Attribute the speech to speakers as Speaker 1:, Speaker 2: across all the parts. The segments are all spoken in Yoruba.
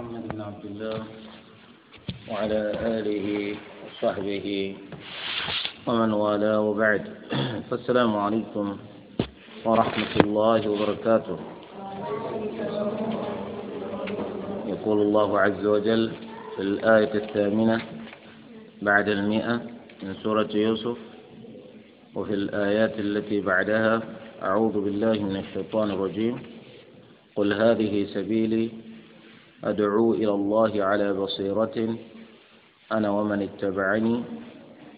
Speaker 1: محمد بن عبد الله وعلى آله وصحبه ومن والاه وبعد فالسلام عليكم ورحمة الله وبركاته يقول الله عز وجل في الآية الثامنة بعد المئة من سورة يوسف وفي الآيات التي بعدها أعوذ بالله من الشيطان الرجيم قل هذه سبيلي أدعو إلى الله على بصيرة أنا ومن اتبعني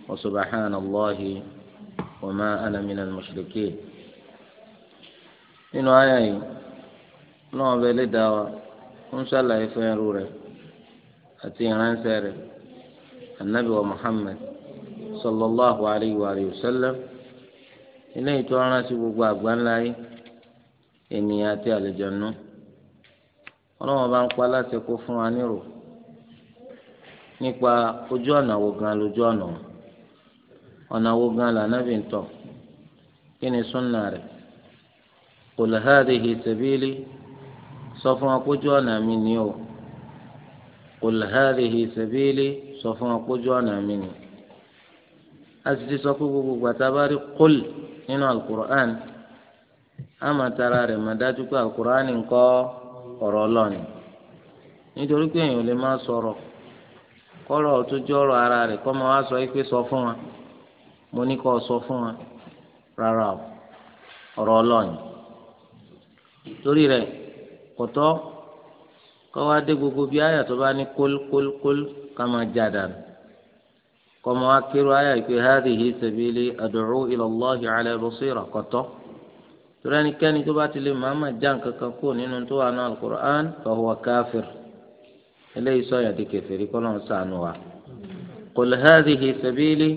Speaker 1: وسبحان الله وما أنا من المشركين إنه آية نوع بلدا إن شاء الله يفعلون أتي عن سير النبي ومحمد صلى الله عليه وآله وسلم إليه تعالى سيبوا بأبوان لاي إني أتي على الجنه ọlọ́wọ́n bá ń pa láti kó fún wa nírò nípa ojú ọ̀nà wo gan lójú ọ̀nà ọ̀nà wo gan lànàbì ń tọ̀ kí ni súnà rẹ̀ qul hadhihi sabili sọ fún wa kójú ọ̀nà mi ni o qul hadhihi sabili sọ fún wa kójú ọ̀nà mi ni a sì ti sọ pé gbogbo gbàtà bá rí qul nínú alukur'an àmàtara rẹ̀ mà dájú pé alukur'an nìkan. ọ̀rọ̀ ọlọ́ọ̀ni nítorí pé èèyàn lè máa sọ̀rọ̀ kọ́rọ̀ tó jọ́rọ̀ ara rẹ̀ kọ́ máa wá sọ pé sọ fún wa mo ní kọ́ sọ fún wa rárá o ọ̀rọ̀ ọlọ́ọ̀ni torí rẹ̀ kọ̀tọ́ kọ́ wá dé gbogbo bí àyà tó bá ní kólkólkól ká máa já dànù kọ́ máa torí ẹnikẹ́ni tó bá ti lè màmá já nǹkan kan kúrò nínú tó wà náà alukur'an fahuwa káfíìr eléyìí sọ yàtí kẹfìrí kọ́ náà sànù wa. qul hadhihi sabili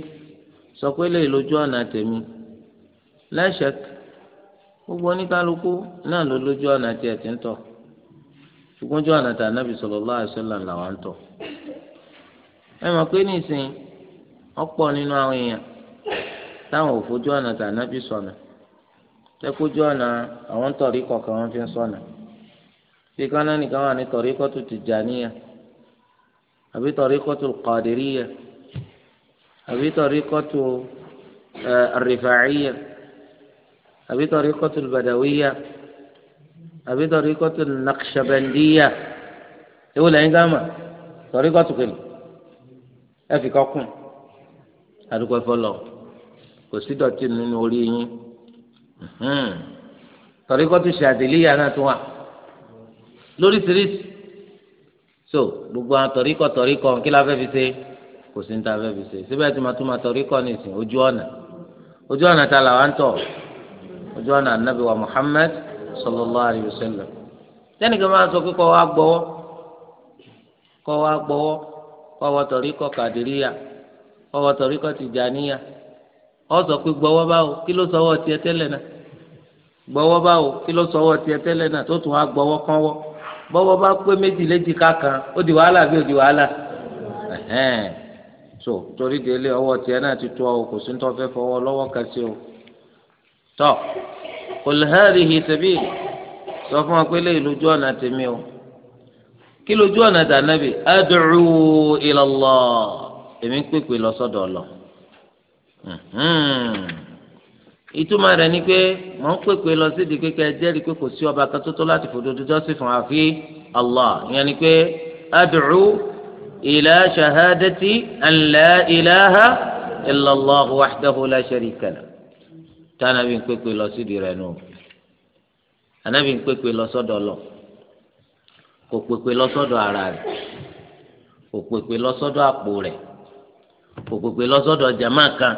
Speaker 1: sọ pé lè lójú ọ̀nà tèmi la shak gbogbo oníkálukú náà ló lójú ọ̀nà tiẹ̀ ti ń tọ̀ ṣùgbọ́n ojú ọ̀nà tà nábì sallallahu alaihi wasallam làwọn ń tọ̀. ẹ mọ̀ pé nísìnyí ọ̀pọ̀ nínú àwọn èèyàn táwọn ò ọ̀nà tà nábì sọ̀nà tẹ́kójú ọ̀nà àwọn tọ̀rí kọ̀ọ̀kan wọn fi ń sọ̀nà bí kan náà nìkan wà ní tọ̀rí kọ́tù tìjàníyà àbí tọ̀rí kọ́tù kọ̀dìríyà àbí tọ̀rí kọ́tù rìfàáyà àbí tọ̀rí kọ́tù bàdàwíyà àbí tọ̀rí kọ́tù nàkṣàbẹ̀ndíyà ewu lẹ́yìn gáàmà tọ̀rí kọ́tù kìnnì ẹ fi kọ́ kùn àdúgbò ẹ̀fọ́ lọ kò sí dọ̀tí nínú orí yín. Hmm. tọ̀ríkọ́tù ṣàdìlíyà náà tún wà lóríṣiríṣi so gbogbo àwọn tọ̀ríkọ̀ tọ̀ríkọ̀ kí la fẹ́ fi ṣe kò sí ní ta fẹ́ fi ṣe síbẹ̀ tí ma tún ma tọ̀ríkọ̀ nìsín ojú ọ̀nà ojú ọ̀nà ta là wà ń tọ̀ ojú ọ̀nà anabi wa Muhammad sallallahu alayhi wa sallam tẹ́nìkan máa sọ pé kọ́ wa gbọ́wọ́ kọ́ wa gbọ́wọ́ kọ́ wọ́tọ̀ríkọ̀ kàdíríyà kọ́ wọ́tọ̀ríkọ̀ tìjàníyà ọsọ pé gbọ́wọ́ báwo kí ló sọ ọwọ́ tiẹ̀ tẹ́lẹ̀ náà báwo kí ló sọ ọwọ́ tiẹ̀ tẹ́lẹ̀ náà tó tún wá gbọwọ kán wọ bá pé méjì ó di wàhálà bí ó di wàhálà ẹhẹn so torí délé ọwọ́ tiẹ̀ náà ti tó ọ kò sí tó o tọ sọ fún pé lè lójú o kí lójú ọ̀nà dànàbì èmi ń pèpè lọ ìtumọ̀ rẹ̀ ni pé mọ̀ ń pèpè lọ sí di kékeré jẹ́rìí pé kò sí ọba kan tó tó láti fún àfi Allah ìyẹn ni pé ad'u ila shahadati an la ilaha illa Allah sharika lah ń pèpè lọ sí di rẹ̀ nù ànàbí ń pèpè lọ sọ́dọ̀ lọ kò pèpè lọ sọ́dọ̀ ara rẹ̀ kò pèpè lọ sọ́dọ̀ àpò rẹ̀ kò pèpè lọ sọ́dọ̀ kan.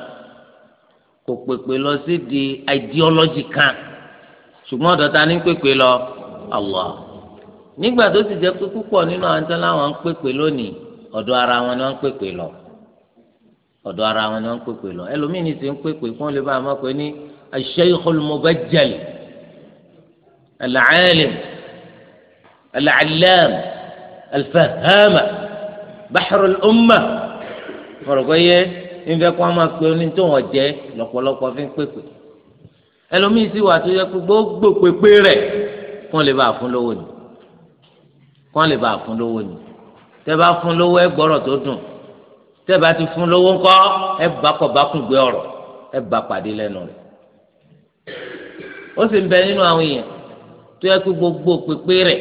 Speaker 1: kò pèpè lọ sí di ideology kan ṣùgbọ́n ọ̀dọ̀ ta ni pèpè lọ Allah nígbà tó ti jẹ́ pé púpọ̀ nínú àwọn tán láwọn ń pèpè lónìí ọ̀dọ̀ ara wọn ni wọ́n ń pèpè lọ ọ̀dọ̀ ara wọn ni wọ́n ń pèpè lọ ẹlòmíì ní ti ń pèpè fún olè bá a máa pè ní ash-shaykhul mubajjal al-alim al-allam al nfẹ kó a máa pe oní tó wọn jẹ lọ́pọ̀lọpọ̀ fi ń pèpè ẹlòmíín sì wà tó yẹ kó gbogbo pèpè rẹ kó lè bá a fún lówó ni kó lè bá a fún lówó ni tẹ bá fún lówó ẹ gbọ́rọ̀ tó dùn tẹ bá ti fún lówó ńkọ́ ẹ bá kọ bá kún gbé ọ̀rọ̀ ẹ bá pàdé lẹ́nu rẹ ó sì ń bẹ nínú àwọn èèyàn tó yẹ kó gbogbo pèpè rẹ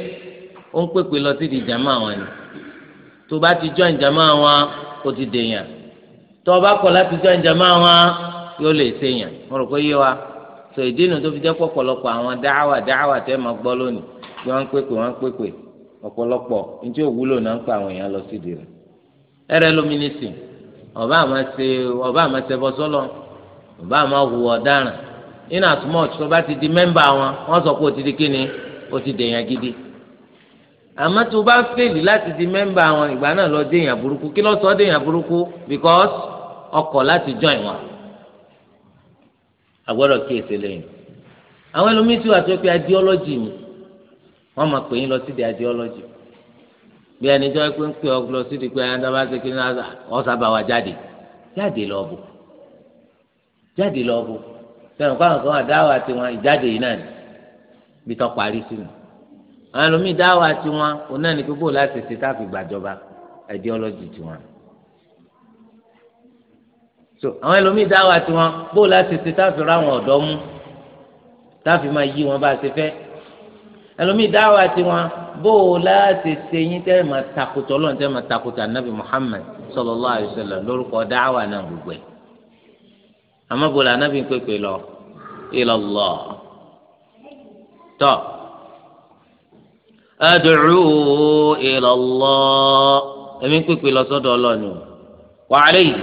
Speaker 1: ó ń pèpè lọ sí di jàmá wọn tó bá ti jọ ìjàmá wọn ó ti dèèyàn tó o bá kọ̀ láti jọ ìjàmbá wọn yóò lè ṣèyàn mo rò pé yé wa tó ìdí inú tó fi jẹ́ pọ̀pọ̀lọpọ̀ àwọn dáhàwà dáhàwà tẹ́ máa gbọ́ lónìí tí wọ́n ń pèpè wọ́n ń pèpè ọ̀pọ̀lọpọ̀ ní tí ò wúlò náà ń pa àwọn èèyàn lọ sídìí rẹ̀ ẹrẹ lómi nísìn ọba àmọ́ ṣe ọba àmọ́ ṣe bọ́ sọ́lọ́ ọba àmọ́ hùwà ọ̀daràn in as tó bá ti di mẹ́mbà wọn wọ́n sọ pé o ti di kíni o ti dèèyàn gidi àmọ́ tó bá fèlì láti di mẹ́mbà wọn ìgbà náà lọ dèèyàn burúkú kí ló sọ dèèyàn burúkú because ọkọ̀ láti join wọn agbọ́dọ̀ kí èsè lẹ́yìn àwọn ẹlòmíín tí wàá tó pé ideology ni wọ́n máa pè yín lọ sí ideology bí ẹni tó ń pè ọ́ lọ sí di pé ẹni tó bá ṣe kí ní ọ̀sà bá wa jáde jáde lọ bò jáde lọ bò sẹ́wọ̀n káwọn kan wà dáwà tiwọn ìjáde yìí náà ni bí tó parí sí mi àwọn ẹlòmíín dáwà tiwọn òun náà ni pé bó láti ṣe tá a fi gbàjọba ideology tiwọn so àwọn ẹlòmíì dáwà tiwọn bóòlù àti ṣe táfi ra àwọn ọ̀dọ́ mú táfi máa yí wọn bá a ṣe fẹ́ ẹlòmíì dáwà tiwọn bóòlù àti ṣe yín tẹ́ máa takùtà ọlọ́run tẹ́ máa takùtà nabi Muhammad sallallahu alaihi wasallam lórúkọ dáwà náà gbogbo ẹ̀ àmọ́ bóòlù ànábì ń pèpè lọ ilallah tọ́ ad'u ilallah ẹ̀mí pèpè lọ sọ́dọ̀ ọlọ́run wàhálẹ́ yìí.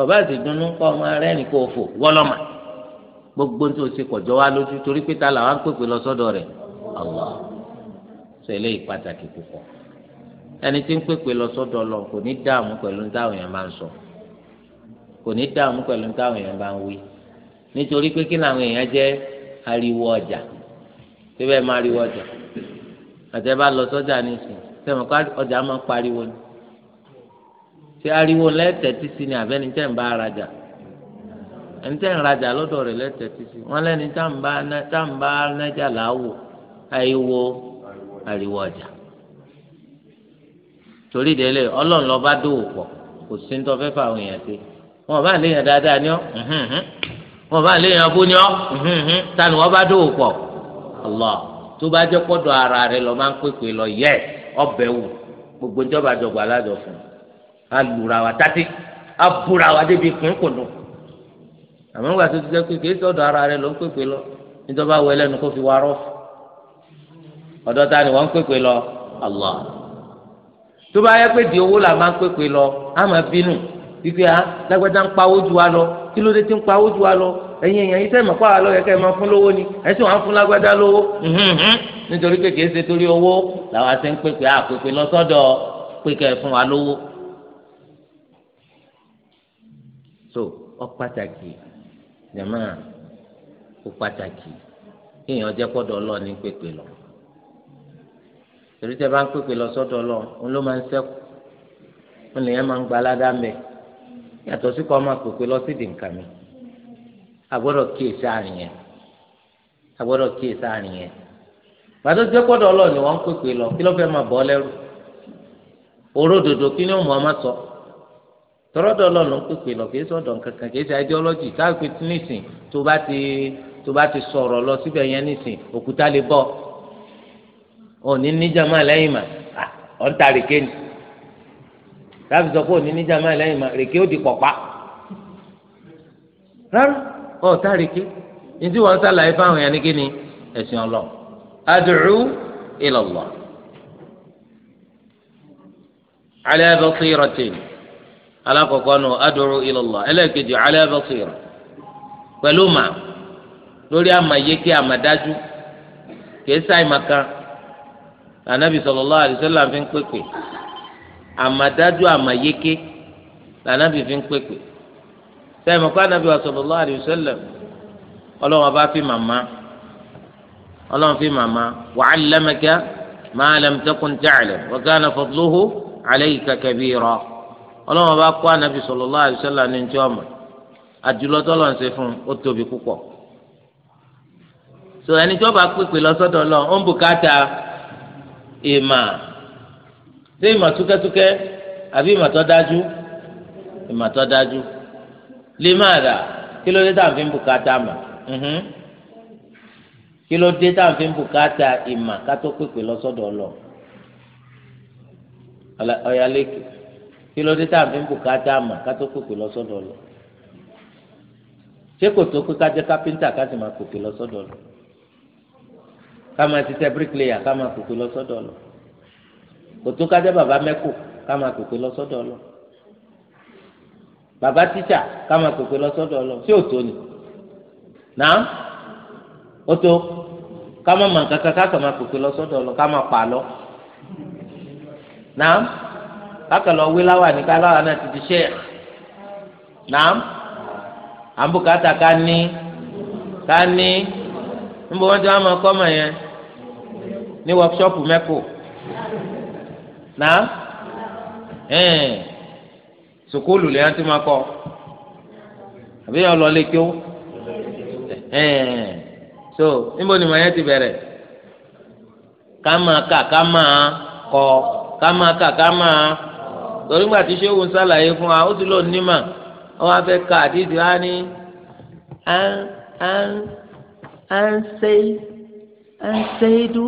Speaker 1: ọba àti ìdùnnú kọ́ ọmọ rẹ ní kó o fò wọ́lọ́mà gbogbo tó o ṣe kọjọ́ wa lójú torí pé ta làwọn pèpè lọ sọ́dọ̀ rẹ̀ Allah sọ eléyìí pàtàkì púpọ̀ ẹni tí ń pèpè lọ sọ́dọ̀ lọ kò ní dààmú pẹ̀lú táwọn yẹn máa ń sọ kò ní dààmú pẹ̀lú táwọn yẹn máa ń wí nítorí pé kí làwọn èèyàn jẹ́ ariwo ọjà síbẹ̀ máa ariwo ọjà àtẹ bá lọ sọ́jà nísìnyí sẹ́wọ̀n ọjà máa pariwo ni ṣé ariwo lẹ́tẹ̀ẹ́tì sí ni àbẹ́ni tẹ́ ń bá arajà ẹni tẹ́ ń rajà lọ́dọ̀ rẹ̀ lẹ́tẹ̀ẹ́tì sí wọn lẹ́ni tá ń bá nájà láwò àìwo ariwo ọjà torí délé ọlọ́run lọ́ba dòwò pọ̀ kò sí ní tọ́fẹ́ fáwọn èèyàn ṣe wọn bá léèyàn dáadáa ni ọ wọn bá léèyàn bú ni ọ tani wọn bá dòwò pọ̀ ọlọ tó bá jẹ́ pọ́dọ̀ ara rẹ̀ lọ́ máa ń pèpè lọ yẹ ọbẹ̀ wù gbogbo ìjọba àjọgbà alájọ fún un. alùra wa tati abùra wa débi kún kòdò àmọ́ nígbà tó ti jẹ́ ara rẹ lọ ń pèpè lọ nítorí wọ́n ẹlẹ́nu kó fi wá rọ́ ọ̀dọ̀ ta ni wọ́n ń pèpè lọ Allah tó bá yẹ pé di owó la máa ń pèpè lọ á máa bínú a ah, lágbàdá ń pawó ju wa lọ kí ló dé tí ń pawó ju wa lọ ẹ̀yin èèyàn yìí pàwọ́ ẹ máa fún lówó ni sì wọ́n á fún lágbàdá lówó nítorí so ọ pàtàkì jama ó pàtàkì kéèyàn jẹ́ kọ́dọ̀ ọlọ́ọ̀ ní pèpè lọ torí bá ń pèpè lọ sọ́dọ̀ ọlọ́ọ̀ òun ló máa ń sẹ́kù òun lèyàn máa ń gba aládàá mẹ́ yàtọ̀ sí mi yẹn yẹn ni ń lọ kí ló máa tọ́rọ́dọ̀ lọ́nà pèpè lọ kì í sọ̀dọ̀ kankan kì í ṣe ideology tá a pè tí nìsín tó bá ti tó bá ti sọ̀rọ̀ lọ síbẹ̀ yẹn nìsín òkúta lè bọ̀ òní níjàmá lẹ́yìn mà ọ̀ ń ta rèké ni láti sọ pé òní níjàmá lẹ́yìn mà rèké ó di pọ̀pá rárá ọ̀ ta rèké ní tí wọ́n fáwọn yẹn ní kí ni ẹ̀sìn ọlọ́ ad'u ila Allah ala basiratin alákọ̀ọ́kọ́ nù ad'u ila Allah ẹlẹ́ẹ̀kejì ala basira pẹ̀lú mà lórí àmàyéké àmàdájú kìí sáì màkà lànàbì sallallahu alaihi wasallam fi ń pèpè àmàdájú àmàyéké lànàbì fi ń pèpè sáì màkà ànàbì wa sallallahu alaihi wasallam ọlọ́wọ́n fi màmá ọlọ́wọ́n fi màmá wa 'allamaka ma lam takun ta'lam wa kana fadluhu 'alayka kabira. ọlọ́run bá kó anabi sallallahu alaihi wasallam ní ti ọmọ àdúlọ́ ń fún so ẹni tí wọ́n bá pèpè lọ́sọ́dọ̀ lọ ó ń bùkátà ìmà ṣé ìmà túkẹ́túkẹ́ àbí ìmà tó dájú ìmà tó dájú lè fi bùkátà mà kí ló dé tá à fi bùkátà ìmà mhm. pèpè lọ́sọ́dọ̀ kí ló dé táàmì bùkátà àmà ká tó pèpè lọ sọ́dọ̀ lọ ṣé kò tó pé ká jẹ kápẹ́ńtà ká sì máa pèpè lọ sọ́dọ̀ lọ ká máa ṣiṣẹ́ bíríkìlẹyà ká máa pèpè lọ sọ́dọ̀ lọ kò tó ká jẹ bàbá mẹkù ká máa pèpè lọ sọ́dọ̀ lọ bàbá tíṣà ká máa pèpè lọ sọ́dọ̀ lọ ṣé òtó ni náà ó tó ká má mọ nǹkan kan ká sọ máa pèpè lọ sọ́dọ̀ lọ ká máa pa lọ náà kákàlọ wí láwà ní káláwà náà ti di sheikh naam àbùkátà ká ní ká ní níbo wọn ti wá máa kọ́ mọ̀ yẹn ní wọ́kṣọ́pù mẹ́kò naam ẹ̀ẹ́n sukulu lèyàn ti máa kọ́ àbí yẹn lọ lè kí ó ẹ̀ẹ́n so níbo ni mọ̀ yẹn ti bẹ̀rẹ̀ ká máa kà ká máa kọ́ ká máa kà ká máa torí gbà tí ṣéwù ń ṣàlàyé fún wa ó ti lò nímà wọn wá fẹ́ ka àdídì wá ní anseidu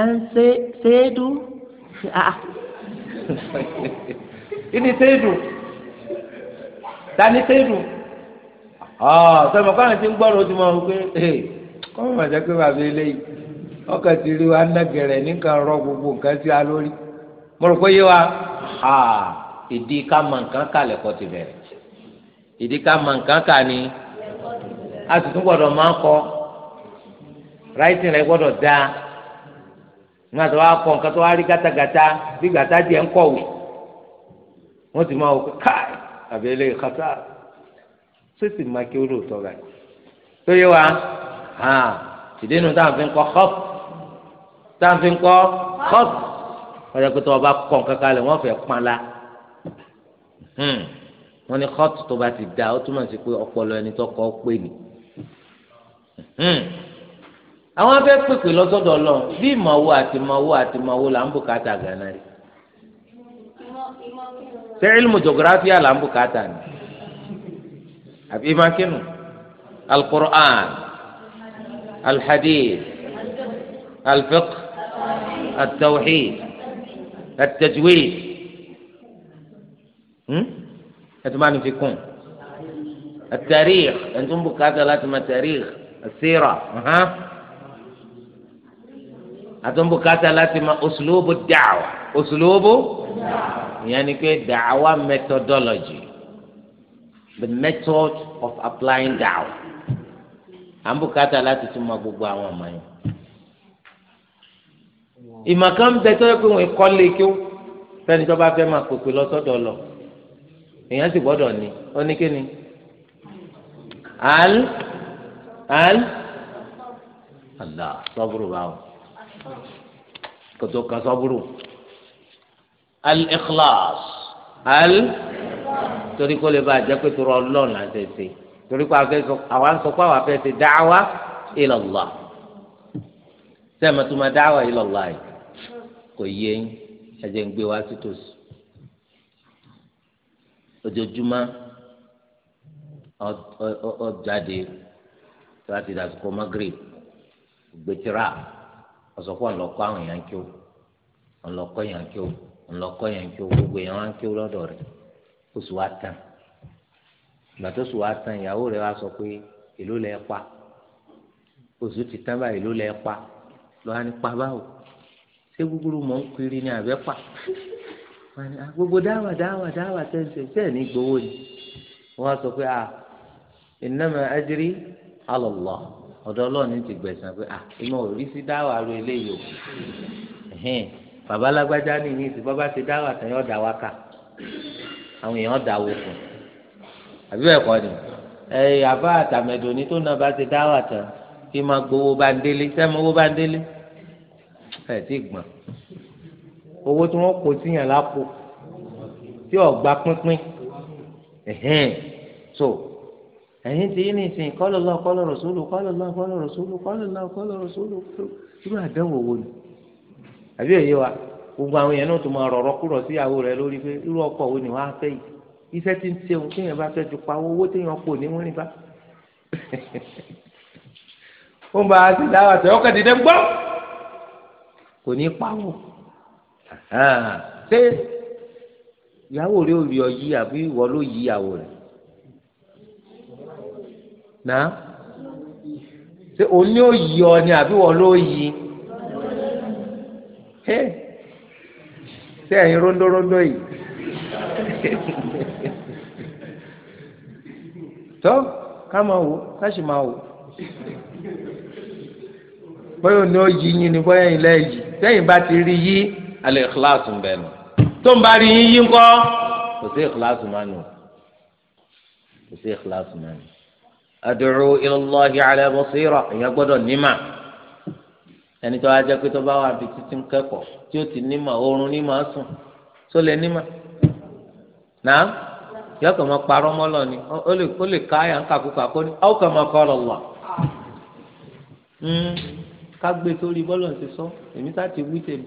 Speaker 1: anseidu ini seidu tani seidu ọ sọmọ káwọn ti ń gbọrọ ojú mọ pé eh, kọ́mọ màjá pé bàbá eléyìí ọkàn ti rí wa nágẹrẹ nìkan rọ gbogbo nǹkan sí wa lórí mo rò pé yé wa ha ìdí ká mọ nǹkan kà lẹ́kọ́ ti bẹ̀rẹ̀ ìdí ká mọ nǹkan kà ni a sì tún gbọ́dọ̀ máa kọ ráìtì rẹ gbọ́dọ̀ dáa nígbà tó wá kọ nǹkan tó wá rí gátagàta bí gàtá jẹ ń kọ̀wé wọ́n ti máa wò káì àbí eléyìí kàtà tó sì máa kí ó lóòótọ́ rẹ̀ tó yé wa ìdí inú táwọn fi ń kọ xọ́p táwọn fi ń kọ xọ́p kọjá pé tó o bá kọ̀ kankan lẹ̀ wọ́n fẹ́ pan la hmm. wọ́n ní kóòtù tó bá ti da ó túmọ̀ sí pé ọpọlọ ẹni tó kọ́ pé ni. Hmm. àwọn afẹ́ pèpè lọ́sọ̀dọ̀ lọ bí ìmọ̀wó àti ìmọ̀wó àti ìmọ̀wó là ń bùkátà gánà rẹ̀ ṣé ilmu là ń bùkátà ni àbí ìmọ̀kínú alukur'an alhadith alfiq atawhid. التجويد هم ما فيكم التاريخ أنتم بكذا لا التاريخ السيرة أها أنتم بكذا لا أسلوب الدعوة أسلوب يعني كي دعوة methodology the method of applying دعوة أنتم بكذا لا تسمى بقوة ìmọ̀ kan ń bẹ tó yẹ pé wọ́n kọ́ lé kí ó fẹ́ni tó bá fẹ́ máa pèpè lọ sọ́dọ̀ lọ èèyàn sì gbọ́dọ̀ ní oníkéni al al àlà sọ́bùrù báwo kòtò kan sọ́bùrù al ikhlas al torí kó lè bá a jẹ́ pé torọ ọlọ́run là ń tẹ̀sí torí kó àwa ń sọ pé àwa fẹ́ ṣe dáwà ila Allah sẹ́mi tó yìí kò yé yín ẹjẹ ń gbé wá sí tòsí ojoojúmọ́ ọjáde láti dàsìkò magrib gbẹtìrà ọsọpọ ńlọkọ àwọn èèyàn kí o ńlọkọ èèyàn kí o ńlọkọ èèyàn kí o gbogbo èèyàn wá ń kí o lọ́dọ̀ rẹ̀ oṣù wa tán ìgbà tó oṣù wa tán ìyàwó rẹ̀ wá sọ pé èló lẹ pa oṣù ti tán báyìí èló lẹ pa lọ́wọ́ á pa báwo. ṣé gbúgbúrú mọ̀ ń kiri ah, gbogbo dáwà dáwà dáwà tẹ́sẹ̀ tẹ́ẹ̀ ní gbowó ni wọ́n sọ pé à ah, innama ajri ala ọ̀dọ̀ ọlọ́ọ̀ni ti gbẹ̀sán pé à ah, ìmọ̀ ò sí dáwà ru eléyìí o ní ìyìn tí ti dáwà tán dá wa kà àwọn èèyàn dá wo àbí ni ẹ̀ àbá àtàmẹ̀dọ̀ ní tó náà bá ti dáwà tán kí máa gbowó bá ń délé sẹ́mu owó bá ẹ ti gbọ́n owó tí wọ́n kó síyàn lápò tí ọgbà pínpín ẹhìn so ẹ̀yin ti yín nìsín kọlọ lọ kọlọ rọsúlù kọlọ lọ kọlọ rọsúlù kọlọ lọ kọlọ rọsúlù irú àdánwò wo ni àbí òye wa gbogbo àwọn yẹn náà tó máa rọrọ kúrọ síyàwó rẹ lórí pé irú ọkọ wo ni wàá fẹ́ yìí iṣẹ́ tí ń ṣe ohun téèyàn bá fẹ́ ti pa owó téèyàn kò ní wọ́n rí ó ń bá a ti dáwà tẹ ọkọ dídẹ kò ní pa wọ́n ìyàwó rẹ ò rí ọ yí àbí ìwọ ló yí ìyàwó rẹ náà ṣé òun ni ó ọ ni àbí ìwọ ló yí ṣé ṣé ẹ̀yin rondórondó yìí tọ́ ká máa wò ká sì máa wò bóyá òun ni ó yín ni bóyá ìlẹ́ sẹ́yìn bá ti rí yí alẹ́ ìkíláàsì ń bẹ̀ nù
Speaker 2: tó ń bá rí yín yí ńkọ́
Speaker 1: kò sí ìkíláàsì máa nù kò sí ìkíláàsì máa nù. ad'u ila Allahi ala basira èèyàn gbọ́dọ̀ nímà ẹni tó wá jẹ́ pé tó bá wà bí títí ń kẹ́kọ̀ọ́ tí ó ti nímà oorun nímà sùn tó lè nímà náà yọ máa parọ́ mọ́lọ ni ó lè ká àyà ń kàkúkà kó ní ọkàn máa kọ́ ọ kágbé sórí bọ́ọ̀lù ṣe sọ èmi sá ti wí tèmi.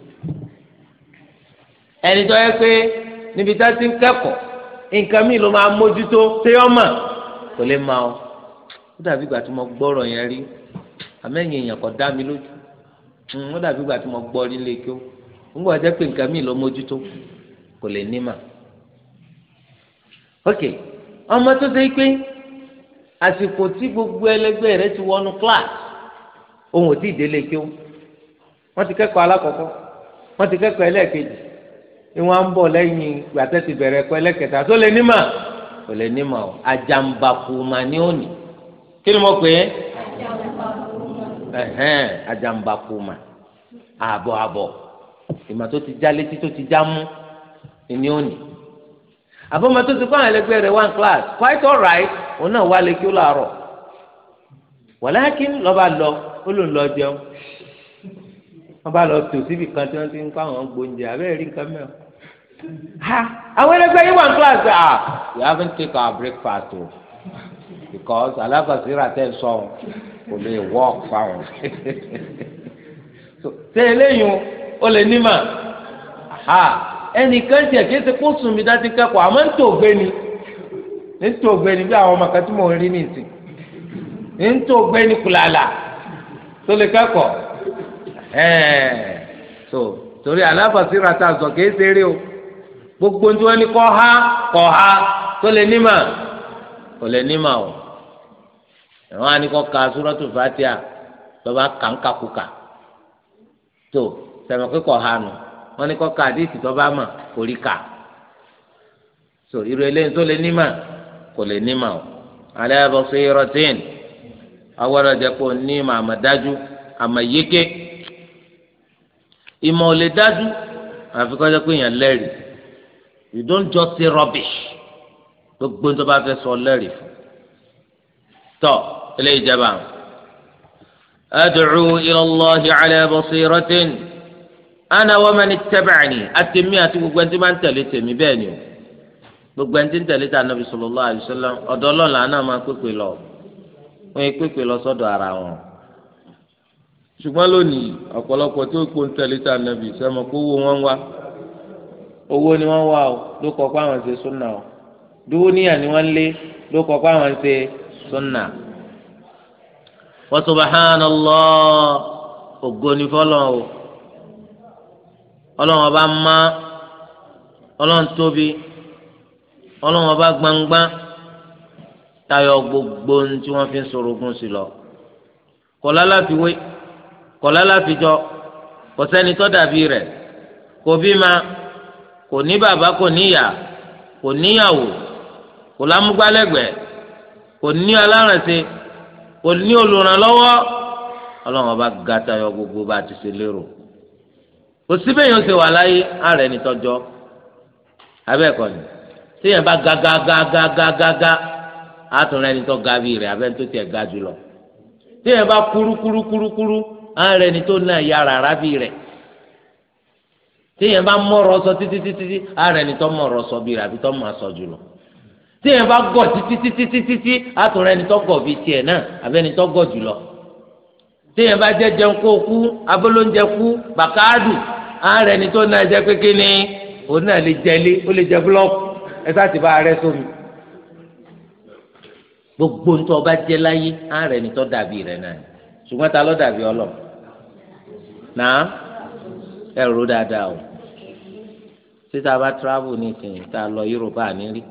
Speaker 1: ẹni tó yẹ pé níbi tá ti ń kẹ́kọ̀ọ́ nǹkan míì ló máa mójútó téyọ́mà kò lè máa ọ ó dàbí ìgbà tí mo gbọ́rọ̀ yẹn rí àmẹ́yìn èèyàn kò dá mi lójú hmm, ó dàbí ìgbà tí mo gbọ́ rí lé kí ó ń gbọ́ jẹ́ pé nǹkan míì ló mójútó kò lè ní mà. ok ọmọ tó ṣe pé àsìkò tí gbogbo ẹlẹgbẹ́ rẹ ti wọnú kíláàsì ohun ò tí kí ó wọ́n ti kẹ́kọ̀ọ́ ele wọ́n ti kẹ́kọ̀ọ́ ẹlẹ́ẹ̀kejì ni wọ́n á ń bọ̀ lẹ́yìn O ti bẹ̀rẹ̀ ẹ̀kọ́ ẹlẹ́kẹta tó lè nímà o ajambaku mà òní kí ni mo pè é ẹ̀hẹ́n ajambaku ti já létí tó ti já mú ní òní àbọ̀mọ̀ tó ti kọ́ àwọn one class quite alright òun náà wá lè kí ó lọ. ó lọ jẹun wọn bá lọ tò síbi kan tí wọn ti ń kó àwọn gbóúnjẹ abẹ́rẹ́ rí nǹkan mẹ́wàá.
Speaker 2: ha àwọn ẹlẹgbẹ́ yín wà ní kíláàsì ah
Speaker 1: we haven't take our breakfast o because alákọ̀síra tẹ̀ sọ kò lè work fáwọn. ṣé eléyìí o lè ní mà ẹnìkan tiẹ̀ kí ẹsẹ̀ kó sùn mí dájú kẹ́kọ̀ọ́ àmọ́ ń tòògbé ni ń tòògbé ni bí àwọn ọmọ kan tí mò ń rí nìsín ń tòògbé ni kùlàlà tó lè kẹ́kọ̀ọ́ ẹ̀ẹ́ so torí aláfàṣírà tá a sọ kìí ṣeré o gbogbo tí wọ́n ní kọ́ ha kọ́ ha tó lè nímà kò lè nímà o àwọn àníkọ́ ka súrọ́tù fàtíà lọ́ba kàńkàkùkà tó sẹ̀mọ̀ kíkọ̀ ha nù wọ́n ní kọ́ ka àdéhìtì tọ́ba mà kò rí kà so irú eléyìí tó lè nímà kò lè nímà o ala basiratin. awọ́dọ̀ jẹ́ pé ní ìmọ̀ àmọ̀dájú àmọ̀yéké ìmọ̀ ò lè dájú àfi kọ́ jẹ́ pé you don't just say rubbish gbogbo tó bá fẹ́ sọ lẹ́rìí fún tọ́ eléyìí jẹba ad'u ila Allahi ala basiratin ana àtẹ̀mí àti gbogbo ẹni tí máa ń tẹ̀lé tèmi bẹ́ẹ̀ gbogbo ẹni tí ń tẹ̀lé sallallahu alaihi ọ̀dọ́ ọlọ́ọ̀lá máa wọn yẹ pépè lọ sọ́dọ̀ ara wọn ṣùgbọ́n lónìí ọ̀pọ̀lọpọ̀ tó kó ń tẹ̀lé tá nàbì sẹ́mọ̀ kó owó wọn wá ni wọ́n wá o ló kọ́ pé àwọn ṣe o dúró ni wọ́n lé ló kọ́ pé àwọn ṣe súnà. wa subhanallah o ọlọ́run ọba má ọlọ́run tóbi ọlọ́run ọba gbangba. tayọ gbogbo ohun tí wọ́n fi ń sorogún sí lọ kọlá láfiwé kọlá láfijọ kò sẹ́ni tó dàbí rẹ̀ kò bímọ kò ní bàbá kò níyà kò níyàwó kò lámúgbálẹ́gbẹ̀ẹ́ kò ní alárànṣe kò ní olùrànlọ́wọ́ ọlọ́run ọba ga tayọ gbogbo bá a ti ṣe lérò kò síbẹ̀ yẹn ó ṣe wà láyé ààrẹ ní tọjọ́ abẹ́ẹ̀kọ́ ni tíyẹn bá ga ga ga ga ga ga. ga àtúnrẹ́ ni tó ga bí rẹ̀ abẹ́ tó tiẹ̀ ga jù lọ tí yẹn bá kúrú kúrú kúrú kúrú àárẹ̀ ni tó náà ya rárá bí rẹ̀ tí yẹn bá mọ̀rọ̀ sọ títí títí àárẹ̀ ni tó mọ̀rọ̀ sọ bí rẹ̀ àbí tó mọ̀ sọ jù lọ tí yẹn bá gọ̀ títí títí títí tí àtúnrẹ́ ni tó gọ̀ bí tiẹ̀ náà abẹ́ ni tó gọ̀ jù tí yẹn bá jẹ́ jẹun kó kú abólóúnjẹ kú bàkáàdù àárẹ̀ ni tó náà jẹ́ kékeré òun náà lè jẹ gbogbo ntọ́ ọba jẹ́ láyé á rẹ̀ nítọ́ dàbí rẹ̀ náà ṣùgbọ́n ta ló dàbí ọlọ náà ẹ dáadáa o títa bá travel ní ìsìn tá a lọ Yorùbá nírí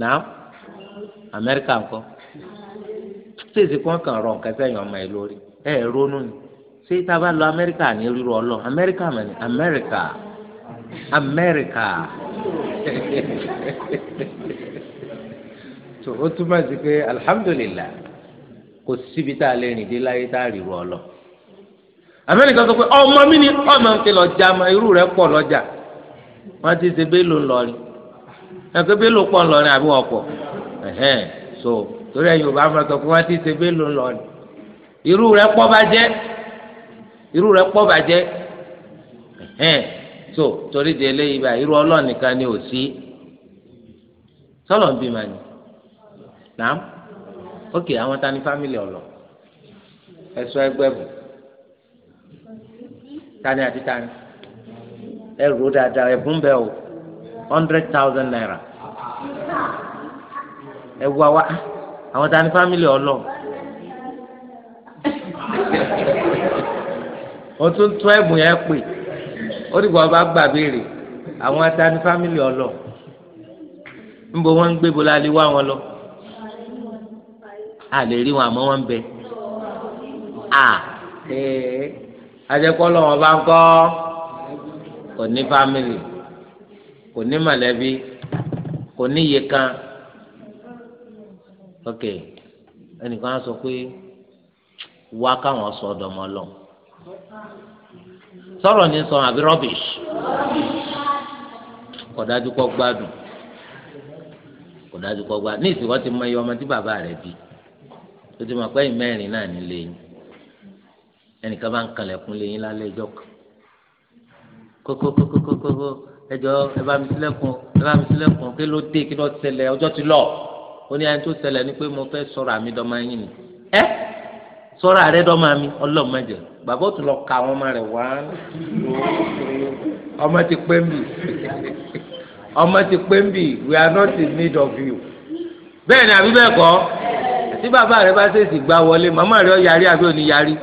Speaker 1: náà Amẹ́ríkà ńkọ́ tíyèsí kan kàn rọ nǹkan sẹ́yìn ọmọ ẹ lórí ẹ ronú ni ṣé tá a bá lọ Amẹ́ríkà ní rírọ ọlọ Amẹ́ríkà mẹ́rin Amẹ́ríkà Amẹ́ríkà. tó o túmọ̀ sí pé alihamudulilà kò síbi tá a lè rìn dé láyé tá a rí rọ lọ amẹ́ríkà sọ pé ọmọ mi ni ọmọ ti lọ jà ma irú rẹ̀ pọ̀ lọ́jà wọ́n ti ṣe bẹ́ẹ̀ ló ẹ̀kọ́ bẹ́ẹ̀ pọ̀ ń àbí wọ́n pọ̀ ẹ̀hẹ́n so torí ẹ̀yin ò bá máa sọ pé wọ́n ti ṣe bẹ́ẹ̀ ló ń lọrin irú rẹ̀ pọ̀ bàjẹ́ irú rẹ̀ pọ̀ bàjẹ́ ẹ̀hẹ́n so torí di eléyìí bá irú ọlọ́ọ̀nìkan ni ò sí sọlọ́ọ̀ bí ma ni nàám ok àwọn ta ni fámìlì ọlọ ẹsọ ẹgbẹ bù tani àti tani ẹ rò dáadáa ẹbùn bẹ o hundred thousand naira ẹ wá wá àwọn ta family fámìlì ọlọ
Speaker 2: o tún tún ẹbùn
Speaker 1: yẹn pè ó dìgbà ọba gbà béèrè àwọn ta ni fámìlì ọlọ ń bọ wọn ń gbé bọlá lé wọn lọ a lè rí wọn àmọ́ wọn ń bẹ a ee ajẹkọlọ wọn bá ń kọ kò ní fámìlì kò ní mọ̀lẹ́bí kò ní iye kan ok ẹnìkan á sọ pé wá káwọn sọ ọ̀dọ̀ ọmọ lọ sọ̀rọ̀ ní sọ àbí rubbish
Speaker 2: kò dájú kó gbádùn
Speaker 1: kò dájú kó gbádùn ní ìsìnkú ti mọ iye ọmọ tí bàbá rẹ̀ bí tó ti mọ̀ pé ìmẹ́rin náà ní lẹ́yìn ẹnìkan bá ń kalẹ̀kùn lẹ́yìn lálẹ́ ẹjọ́ kan kókókókókókó ẹjọ́ ẹ bá mi sílẹ̀kùn ẹ bá mi sílẹ̀kùn kí ló dé kí ló ṣẹlẹ̀ ọjọ́ ti lọ ó ní ẹni tó ṣẹlẹ̀ ni pé mo fẹ́ sọ̀rọ̀ àmì dọ́mọ yín ni ẹ sọ̀rọ̀ àrẹ dọ́mọ mi ọlọ́mọdé bàbá ó lọ ka àwọn ọmọ rẹ̀ wá ọmọ ti pé ń ọmọ ti pé ń we are not in need of you bẹ́ẹ̀ ni àbí bẹ́ẹ̀ kọ́ tí bàbá rẹ bá ṣèṣì gbà wọlé màmá rẹ ó àbí òní yarí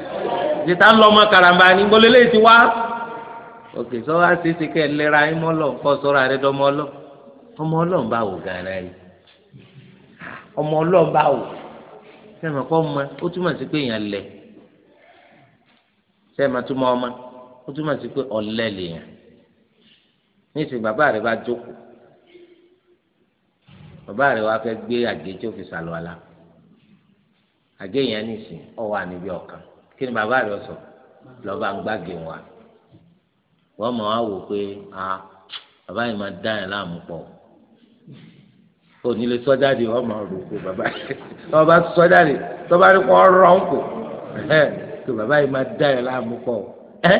Speaker 1: ìta ń karamba ni gbọ́dọ̀ lè ti wá òkè sọ wá ṣèṣì kẹ́ ẹ lera ẹ mọ́lọ̀ kọ́ sọ́ra rẹ dọ́mọ́ ọlọ́ ọmọ ọlọ́run bá wò gànà yìí ọmọ ọlọ́run bá wò sẹ́mi kọ́ ọmọ ó túmọ̀ sí pé èèyàn lẹ̀ sẹ́mi túmọ̀ ọmọ ó túmọ̀ sí pé ọ̀lẹ́ lèèyàn ní ìsìn bàbá rẹ bá jókòó bàbá rẹ wá fẹ́ gbé àgé fi sàlọ́ àlá àgé yẹn nìsín ọ wà kí ni bàbá rẹ sọ lọ́ba ń gbàgé wa wọ́n mọ̀ á wò pé bàbá yìí máa dá yẹn láàmú pọ̀ onílé sọ́jáde wọ́n máa rò pé bàbá yìí wọ́n bá sọ́jáde tó bá rí kó rọ̀ ń kò tó bàbá yìí máa dá yẹn láàmú pọ̀ ẹ́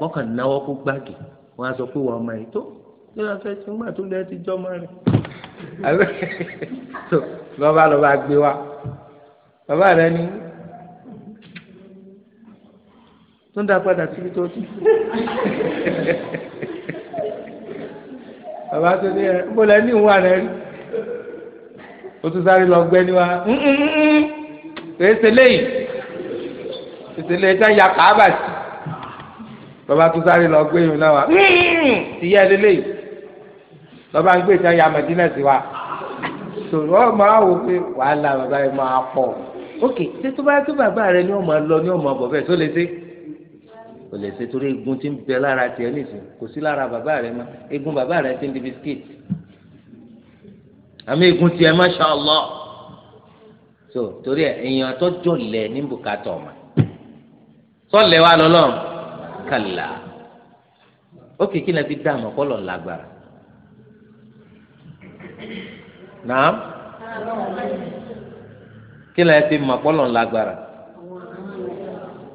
Speaker 1: wọ́n kàn náwó kó gbàgé wọ́n á sọ pé wọ́n máa yìí tó kí ló fẹ́ tí ń gbà tó lẹ́ẹ̀ ti jọ́ mọ́ rẹ̀ lọ́ba lọ́ba gbé wa bàbá rẹ ní tó ń dá padà síbi tó ti bàbá tó ní ẹ mo lẹ ní ìwà rẹ rí o tún sáré lọ gbẹ ní wa kèé ṣe léyìn ìṣẹ̀lẹ̀ ẹja ya kàábà sí bàbá tó sáré lọ gbé yìí náà wa ti yẹ lélẹyìn lọba ń gbé ìta ya mẹdínà sí wa sọ̀rọ̀ ọmọ àwọn òfin wàhálà bàbá yìí máa pọ̀ ok ṣé tó bá tó bàbá rẹ ni ọmọ lọ ni ọmọ bọ̀ bẹ́ẹ̀ tó lè ṣe kò lè ṣe torí egun ti ń bẹ lára tiẹ̀ nìsín kò sí lára bàbá rẹ mọ́ egun bàbá rẹ ti ń di bisikíìtì àmì egun tiẹ̀ masha allah so torí ẹ èèyàn tó jọlẹ̀ ní bùkátà ọmọ sọlẹ̀ wa lọ́lọ́ kàlà ó kì kí ni a fi dá àmọ́ kọ́lọ̀ lágbára náà kí lóye fi mọ̀ pọ́lọ̀ lágbára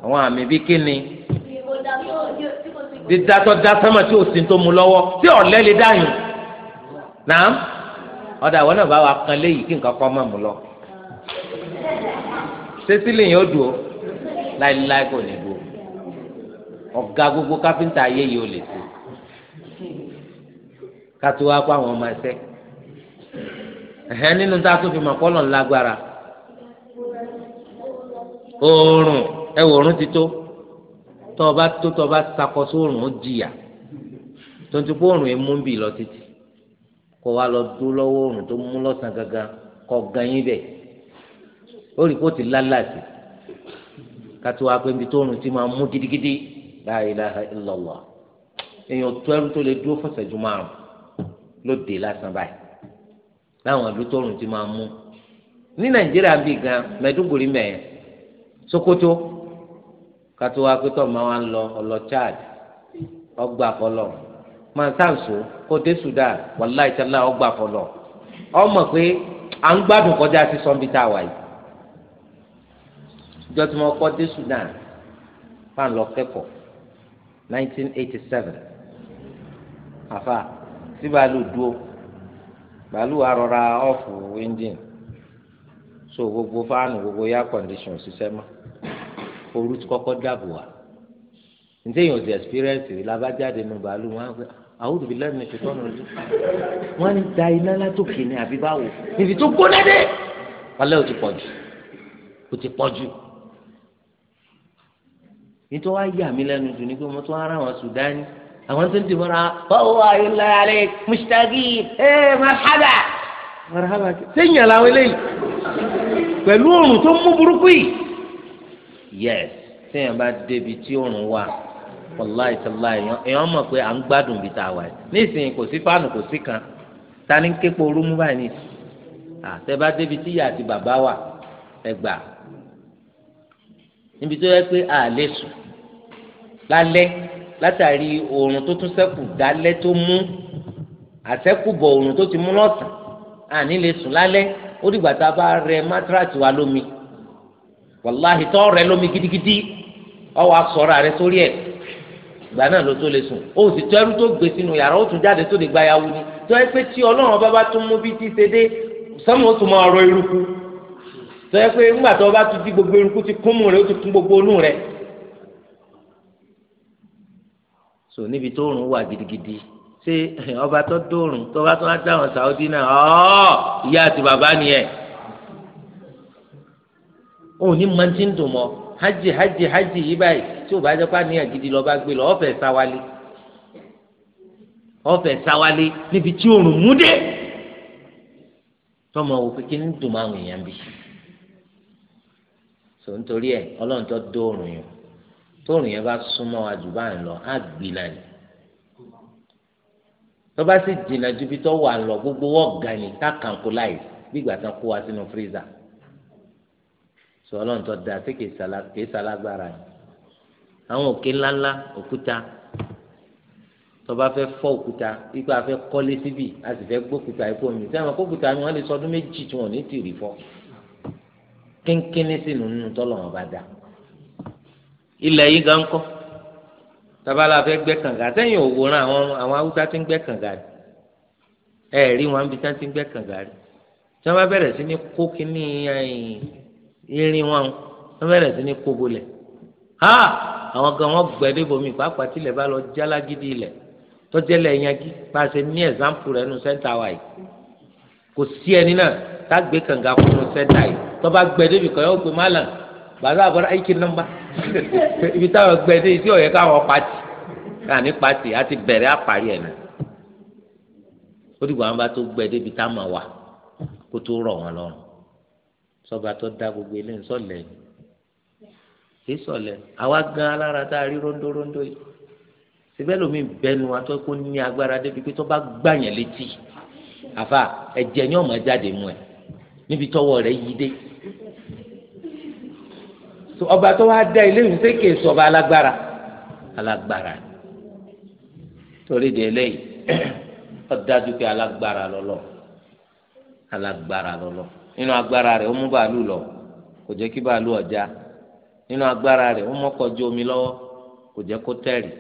Speaker 1: àwọn àmì bíi kí ni dídátọ́ dá sọ́mọ̀ tí òsín tó mu lọ́wọ́ tí ọ̀lẹ́ lè dáyùn náà ọ̀dà àwọn náà bá wa kan léyìí kí nǹkan kọ́ mọ̀ mú lọ sẹ́sílì yẹn ó dùn ó láìláì kò ní dùn ó ọ̀gá gbogbo káfíńtà ayé yìí ó lè ṣe kátó wá kó àwọn ọmọ ẹsẹ̀ ẹ̀hẹ́n nínú tá a tó fi mọ̀ pọ́lọ̀ lágbára oòrùn ẹ wò oòrùn ti tó tọ́ ọ bá tó tọ́ ọ bá sakọ sóòrùn ó jìyà tonti kó oòrùn yẹn mú bì lọ títí kó wa lọ dó lọ́wọ́ oòrùn tó mú lọ́sàn gangan kọ́ ganyin bẹ̀ ó rí kó ti lálàsì kátó wa pé ibi tó oòrùn ti máa mú gidigidi la ilaha illallah èèyàn tó ẹrú tó lè dúró fọ̀sẹ̀jú márùn lóde lásán báyìí láwọn ìlú tó oòrùn ti máa mú ní nàìjíríà bíi gan mẹdúgbòrí mẹ́yẹn Sokoto kátó wa pé tọ́ọ̀ máa wá ń lọ ọlọ Chad ọgbà fọlọ máa sáǹsó kó Sudan wàláì tẹ́lá ọgbà fọlọ ọmọ pé à ń gbádùn kọjá sí sọ́ńbí tá a wà yìí ìjọ tí mo kọ́ dé Sudan fáwọn lọ kẹ́kọ̀ọ́ 1987 àfà tí bàálù dúró bàálù wa rọra ọ́ọ̀fù engine so gbogbo fáànù gbogbo air condition ṣiṣẹ́ mọ́ forú ti kọ́kọ́ dáàbò wa ntẹ́yìn ò ti experience rí labájáde nu bàálù wọn àwùjọ bíi lẹ́nu ṣe tọ́nu ojú wọn ń da iná látòkè ní àbí báwo níbi tó gbóná dé wàlẹ́ ò ti pọ̀ jù ó ti pọ̀ jù nítorí wàá yà mí lẹ́nu jù ní mo tún ara wọn sùdání àwọn tó ń dìbò ra báwo wà á yọ lọ́yà lẹ́ mùsítàkì ẹ̀ marhaba marhaba sẹ́yìn àlàó eléyìí pẹ̀lú òrùn tó mú burúkú yìí yes téèyàn bá débi tí òòrùn wà wàláì tàlá èèyàn mọ̀ pé à ń gbádùn ibi tá a wà yìí nísìnyí kò sí fáànù kò sí kan ta ni ń ké poru mú báyìí nìyí àtẹ bá débi tí ìyá àti bàbá wà ẹ gbà níbi tó yẹ pé a lè sùn lálẹ́ látàrí oòrùn tó tún ṣẹ́kù dálẹ́ tó mú àṣẹ́kùbọ̀ oòrùn tó ti mú lọ́sàn-án àní lè sùn lálẹ́ ó dìgbà tá a bá rẹ mátíráàtì wa lómi wàláhì tọ́ rẹ lómi gidigidi ọwọ́ asọ̀rọ̀ rẹ sórí ẹ̀ ìgbà náà ló tó lè sùn ó sì tọ́ ẹrú tó gbé sínú yàrá ó tún jáde tó lè gba yàwó ni tọ́ ẹ pé tí ọlọ́run bá bá tún mú bí ti ṣe dé sọ́mu ó tún máa rọ eruku tọ́ ẹ pé ńgbà tó bá tún di gbogbo eruku ti kún mú rẹ ó ti kún gbogbo inú rẹ so níbi tó rùn wà gidigidi ṣé ọba tó dòrùn tó bá tó wá dáhùn Saudi náà ọ ìyá àti bàbá nìyẹn òun ní mọ́tí ń dùn mọ́ hajj hajj hajj yìí báyìí tí ò bá jẹ́ pé àníyàn gidi lọ́ọ́ bá gbé lọ ọ̀fẹ́ sáwálé ọ̀fẹ́ sáwálé níbi tí òòrùn mú dé tọmọ wò pé kí ń dùn máa wìyàn bí so nítorí ẹ ọlọ́run tó dóorùn yàn tóorùn yẹn bá súnmọ́ wa jù báyìí lọ á gbìnà ni tó bá sì jìnnà ju bí tó wà lọ gbogbo wọ́ọ̀gá ni ká kàn kó láì bí ìgbà tán kó wa sínú fírísà sọlọ́n tó da sí kìí sálágbára yìí àwọn òkè ńláńlá òkúta tó bá fẹ́ fọ́ òkúta ipa fẹ́ kọ́lé síbi a sì fẹ́ gbókúta ipò mi sẹ́wọ̀n kókúta mi wọ́n lè sọdún méjì tí wọ́n ní tìrì fọ́ kínkínní sínú nínú tọ́lọ̀ wọn bá da ilẹ̀ yìí gan kọ́ tabala fẹ́ gbẹ́ kànga sẹ́yìn òwòrán àwọn àwọn haúsá ti ń gbẹ́ kànga rẹ̀ ẹ̀ rí wọn bí sẹ́yìn ti ń gbẹ́ kànga rẹ̀ tí wọ́n bá bẹ̀rẹ̀ sí ní kó kínní ẹ̀yìn irin wọn wọn bẹ̀rẹ̀ sí ní kóbo ha àwọn gan wọn gbẹdẹ bomi pàápàá tilẹ̀ bá lọ jálágídí ilẹ̀ tọ́jẹ́lẹ̀ yanjú paṣẹ ní ẹ̀zámpù rẹ̀ nu sẹ́ńtà wa yìí kò sí ẹni náà tágbé kànga fún nu sẹ́ńtà yìí tọ́ba gbẹdẹ bìkan yóò gbé mọ́lá bàbá àbọ̀dá ayíkè nọ́mbà ibi táwọn gbẹdẹ yìí tí ò yẹ káwọn pati àní pati àti bẹ̀rẹ̀ àparí ẹ̀ náà ó dìgbà wọn bá tó gbẹdẹ ibi táwọn wà kó tó rọ̀ wọn lọ́rùn sọba tó dá gbogbo eléyìí sọlẹ kì í sọlẹ àwa gan alára tá a rí rondórondó yìí síbẹ̀ lómi bẹnu wa kó ní agbára débi pé tó bá gbàyàn létí àfa ẹ̀jẹ̀ ni ọmọ jáde mú ẹ níbi tọwọ́ rẹ̀ yí dé ọba tó wá dá eléyìí ṣé kì í sọba alágbára alágbára torí de eléyìí ó pé alágbára lọlọ alágbára lọlọ nínú agbára rẹ̀ ó mú bàálù lọ kò jẹ́ kí bàálù ọjà nínú agbára rẹ̀ ó mọ́kànjú omi lọ́wọ́ kò jẹ́ kó tẹ̀rì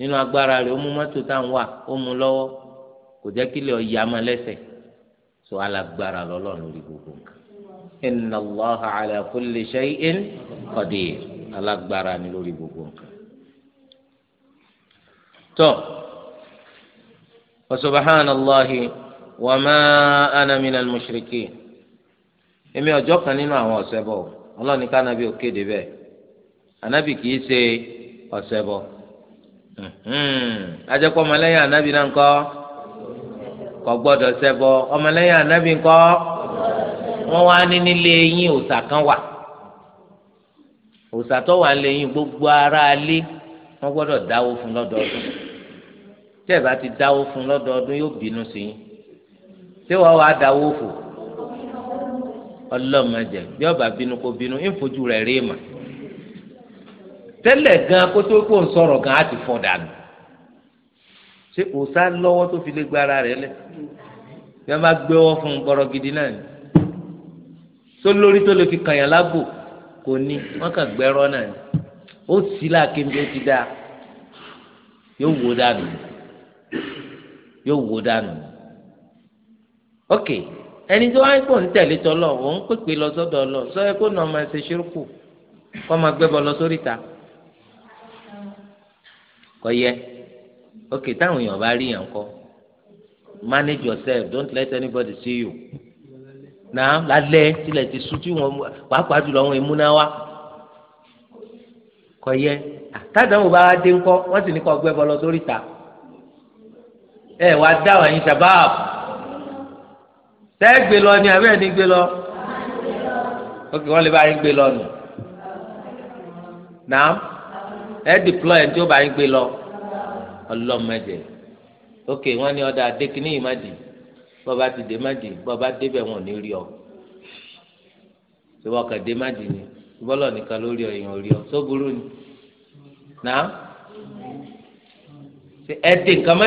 Speaker 1: nínú agbára rẹ̀ ó mú mọ́tò tá à ń wà ó mú lọ́wọ́ kò jẹ́ kí lè ọ̀yà máa lẹ́sẹ̀ so alágbára lọ́lọ́run lórí gbogbo nǹkan inna Allaha ala kulli shay'in qadir alágbára ni lórí gbogbo nǹkan. tó wa subhanallahi wa ma ana minal èmi ọjọ́ kan nínú àwọn ọ̀sẹ̀ bọ̀ ọlọ́run ní kánábì ó kéde ànábì kì í ṣe ọ̀sẹ̀ bọ̀ ajẹ́pọ̀ ọmọlẹ́yìn ànábì náà ńkọ́ gbọ́dọ̀ ṣẹ ọmọlẹ́yìn ànábì kan wà tó wà nílé yín gbogbo ara wọ́n gbọ́dọ̀ dáwó fún ti dáwó fún lọ́dọọdún yóò bínú sí yín dáwó fò ọlọ́mọdé bí ọba bínú kó bínú ìfojú rẹ̀ rí mà tẹ́lẹ̀ gan kó tó kó ń sọ̀rọ̀ gan á ti fọ́ dànù ṣé òòsà lọ́wọ́ tó fi lè gba ara rẹ̀ lẹ̀ bí wọ́n bá gbéwọ́ fún un gbọ́rọ̀ gidi náà ni tó lórí tó lè fi kàyàn lágbo kò ní wọ́n kàn gbẹ́rọ́ náà ni ó sì láàkín bí ti dáa yóò wó dànù yóò wó dànù ok ẹni tó wáyé kò ń tẹ̀lé tọ́lọ̀ òun pèpè lọ sọ́dọ̀ lọ sọ yẹ kó nà ọmọ ẹsẹ̀ ṣírùkù kó máa gbẹ́bọ lọ sórí ta kò yẹ ok táwọn èèyàn bá rí yàn kọ́ manage yourself don't let anybody see you náà lálẹ́ tilẹ̀ ti sùn tí wọ́n pàápàá jùlọ àwọn ìmúná wa kò yẹ àtàdánwò bá dé ńkọ́ wọ́n sì ní kó gbẹ́bọ lọ sórí ta ẹ wàá dá wàá yín sábàbù. tẹ́ gbé lọ ni àbẹ́ ni gbé lọ ókè wọ́n lè bá yín gbé lọ nù náà ẹ dìplọ́ ẹ̀ tí ó bá yín gbé lọ ọlọ́mọdé ókè wọ́n ní ọ̀dà adékiní yìí má dì bọ́ba ti dé má dì débẹ̀ wọn ò ní rí ọ dé má dì ni bọ́lọ̀ nìkan ọ èèyàn ò rí ọ tó burú ni náà ẹ dé nǹkan má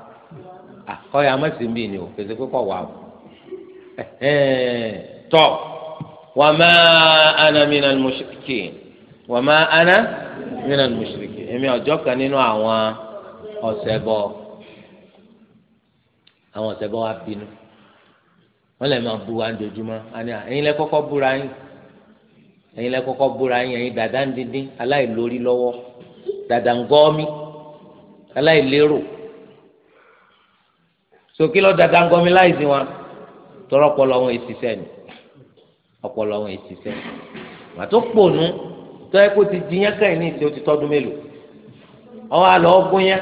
Speaker 1: Ah, kọ́ya mẹ́sìn bíi ni o pèsè pé kọ́ wà o tọ́ wà má ana minal mushrikin wà má ana minal mushrikin èmi ọjọ́ kan nínú àwọn ọ̀ṣẹbọ àwọn ọ̀ṣẹbọ wa bínú wọ́n lè máa bu wa dojúmọ́ àní ẹ̀yin lẹ́ kọ́kọ́ búra yín ẹ̀yin lẹ́ kọ́kọ́ búra yín ẹ̀yin dàda ń dídín aláìlórí lọ́wọ́ dàda ń gọ́ mi aláìlérò sòkè lọ́dà gangọ́mi láìsí wọn tọrọ ọpọlọ wọn èsì sẹ́ni ọpọlọ wọn èsì sẹ́ni wọn àti òpònú tọ́ ẹ kó ti di yẹn kẹ́yìn ní ìṣe ó ti tọ́dún mélòó ọwọ́ àlọ́ ọgbọ́n yẹn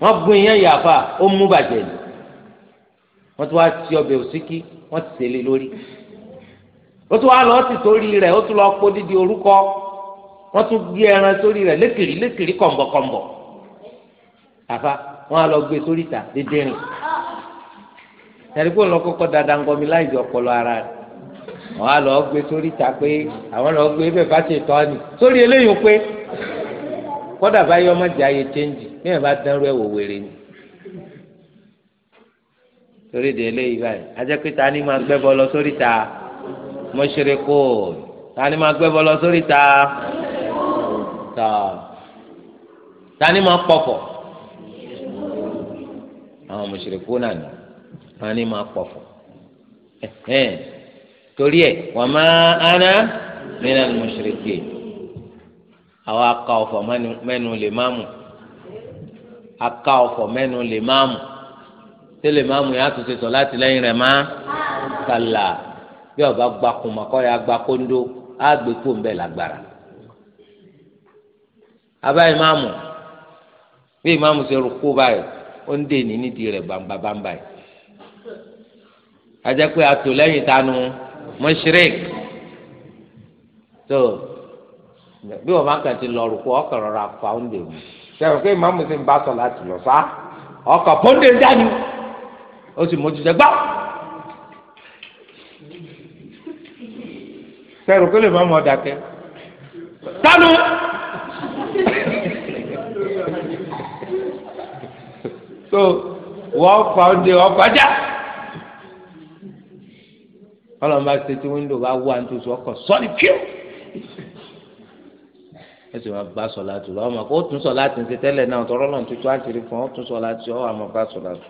Speaker 1: wọ́n gbọ́n yẹn yàfa ó mú bàjẹ́ ni wọ́n tún wá ti ọbẹ̀ òsíkí wọ́n ti tẹ̀lé lórí ó tún wá lọ ti sórí rẹ̀ ó tún lọ kó dídì orúkọ wọ́n tún gbé ẹran sórí rẹ̀ lékiri lékiri kọ̀m̀bọ̀kọ̀m̀bọ̀ àfa wọn á lọ gbé sórí ta dédé rìn tẹlifóònù lọ kọ́kọ́ dada ńgọmi láì di ọpọlọ ara rẹ wọn á lọ gbé sórí ta pé àwọn lọ gbé bẹ́ẹ̀ bá ṣe tọ́ ni sórí eléyìí pé kọ́dà báyọ̀ ọmọ jẹ́ ayé chẹ́ńjì bí bá dánrú ẹ̀ wò ni torí de eléyìí báyìí ajẹ́ pé ta ni máa gbẹ́ bọ́ lọ sórí ta mọ́ṣẹ́rẹ́kọ́ ta ni máa gbẹ́ bọ́ lọ sórí ta ta ni máa pọ̀fọ̀ àwọn mùsùlùkù náà ni wọn ní máa pọ̀ fún torí ẹ wà má ana nínú mùsùlùkù àwọn aka ọ̀fọ̀ mẹ́nu lè má mú aka ọ̀fọ̀ mẹ́nu lè má mú tẹ́lẹ̀ má mú yàtọ̀ ṣe sọ láti lẹ́yìn rẹ̀ má kàlà bí ọba gbakùnmọ kọ́ ya gbakóńdó á gbé kó ń bẹ lágbára abá ìmáàmù bí ìmáàmù ṣe rúkú báyìí ó ń dè ní nídìí rẹ̀ bàǹbà bàǹbà yìí ajẹ́ pé atò lẹ́yìn tanu mọ́ṣírík tó bí wọ́n bá kàn ti lọ rùkú ọkọ̀ rọra pa ó ń dè mú sẹ́wọ̀n pé ìmáàmù sì ń bá sọ láti lọ sá ọkọ̀ pọ́ńdé dání ó sì mójú gbá. sẹ́wọ̀n pé lè má mọ̀ ọ́ dákẹ́ tanu. so wọ́n fà ó de ọkọ̀ ajá ọlọ́run bá ṣe tí wíńdò bá wú àǹtí oṣù ọkọ̀ sọ́ọ̀lì píọ́ ẹ sì máa bá sọ̀lá tù lọ́wọ́ màkà ó tún sọ̀lá tì ń ṣe tẹ́lẹ̀ náà tọ́rọ́ náà tuntun á ti rí fún ọ tún sọ̀lá tì ọ́ àmọ́ bá sọ̀lá tù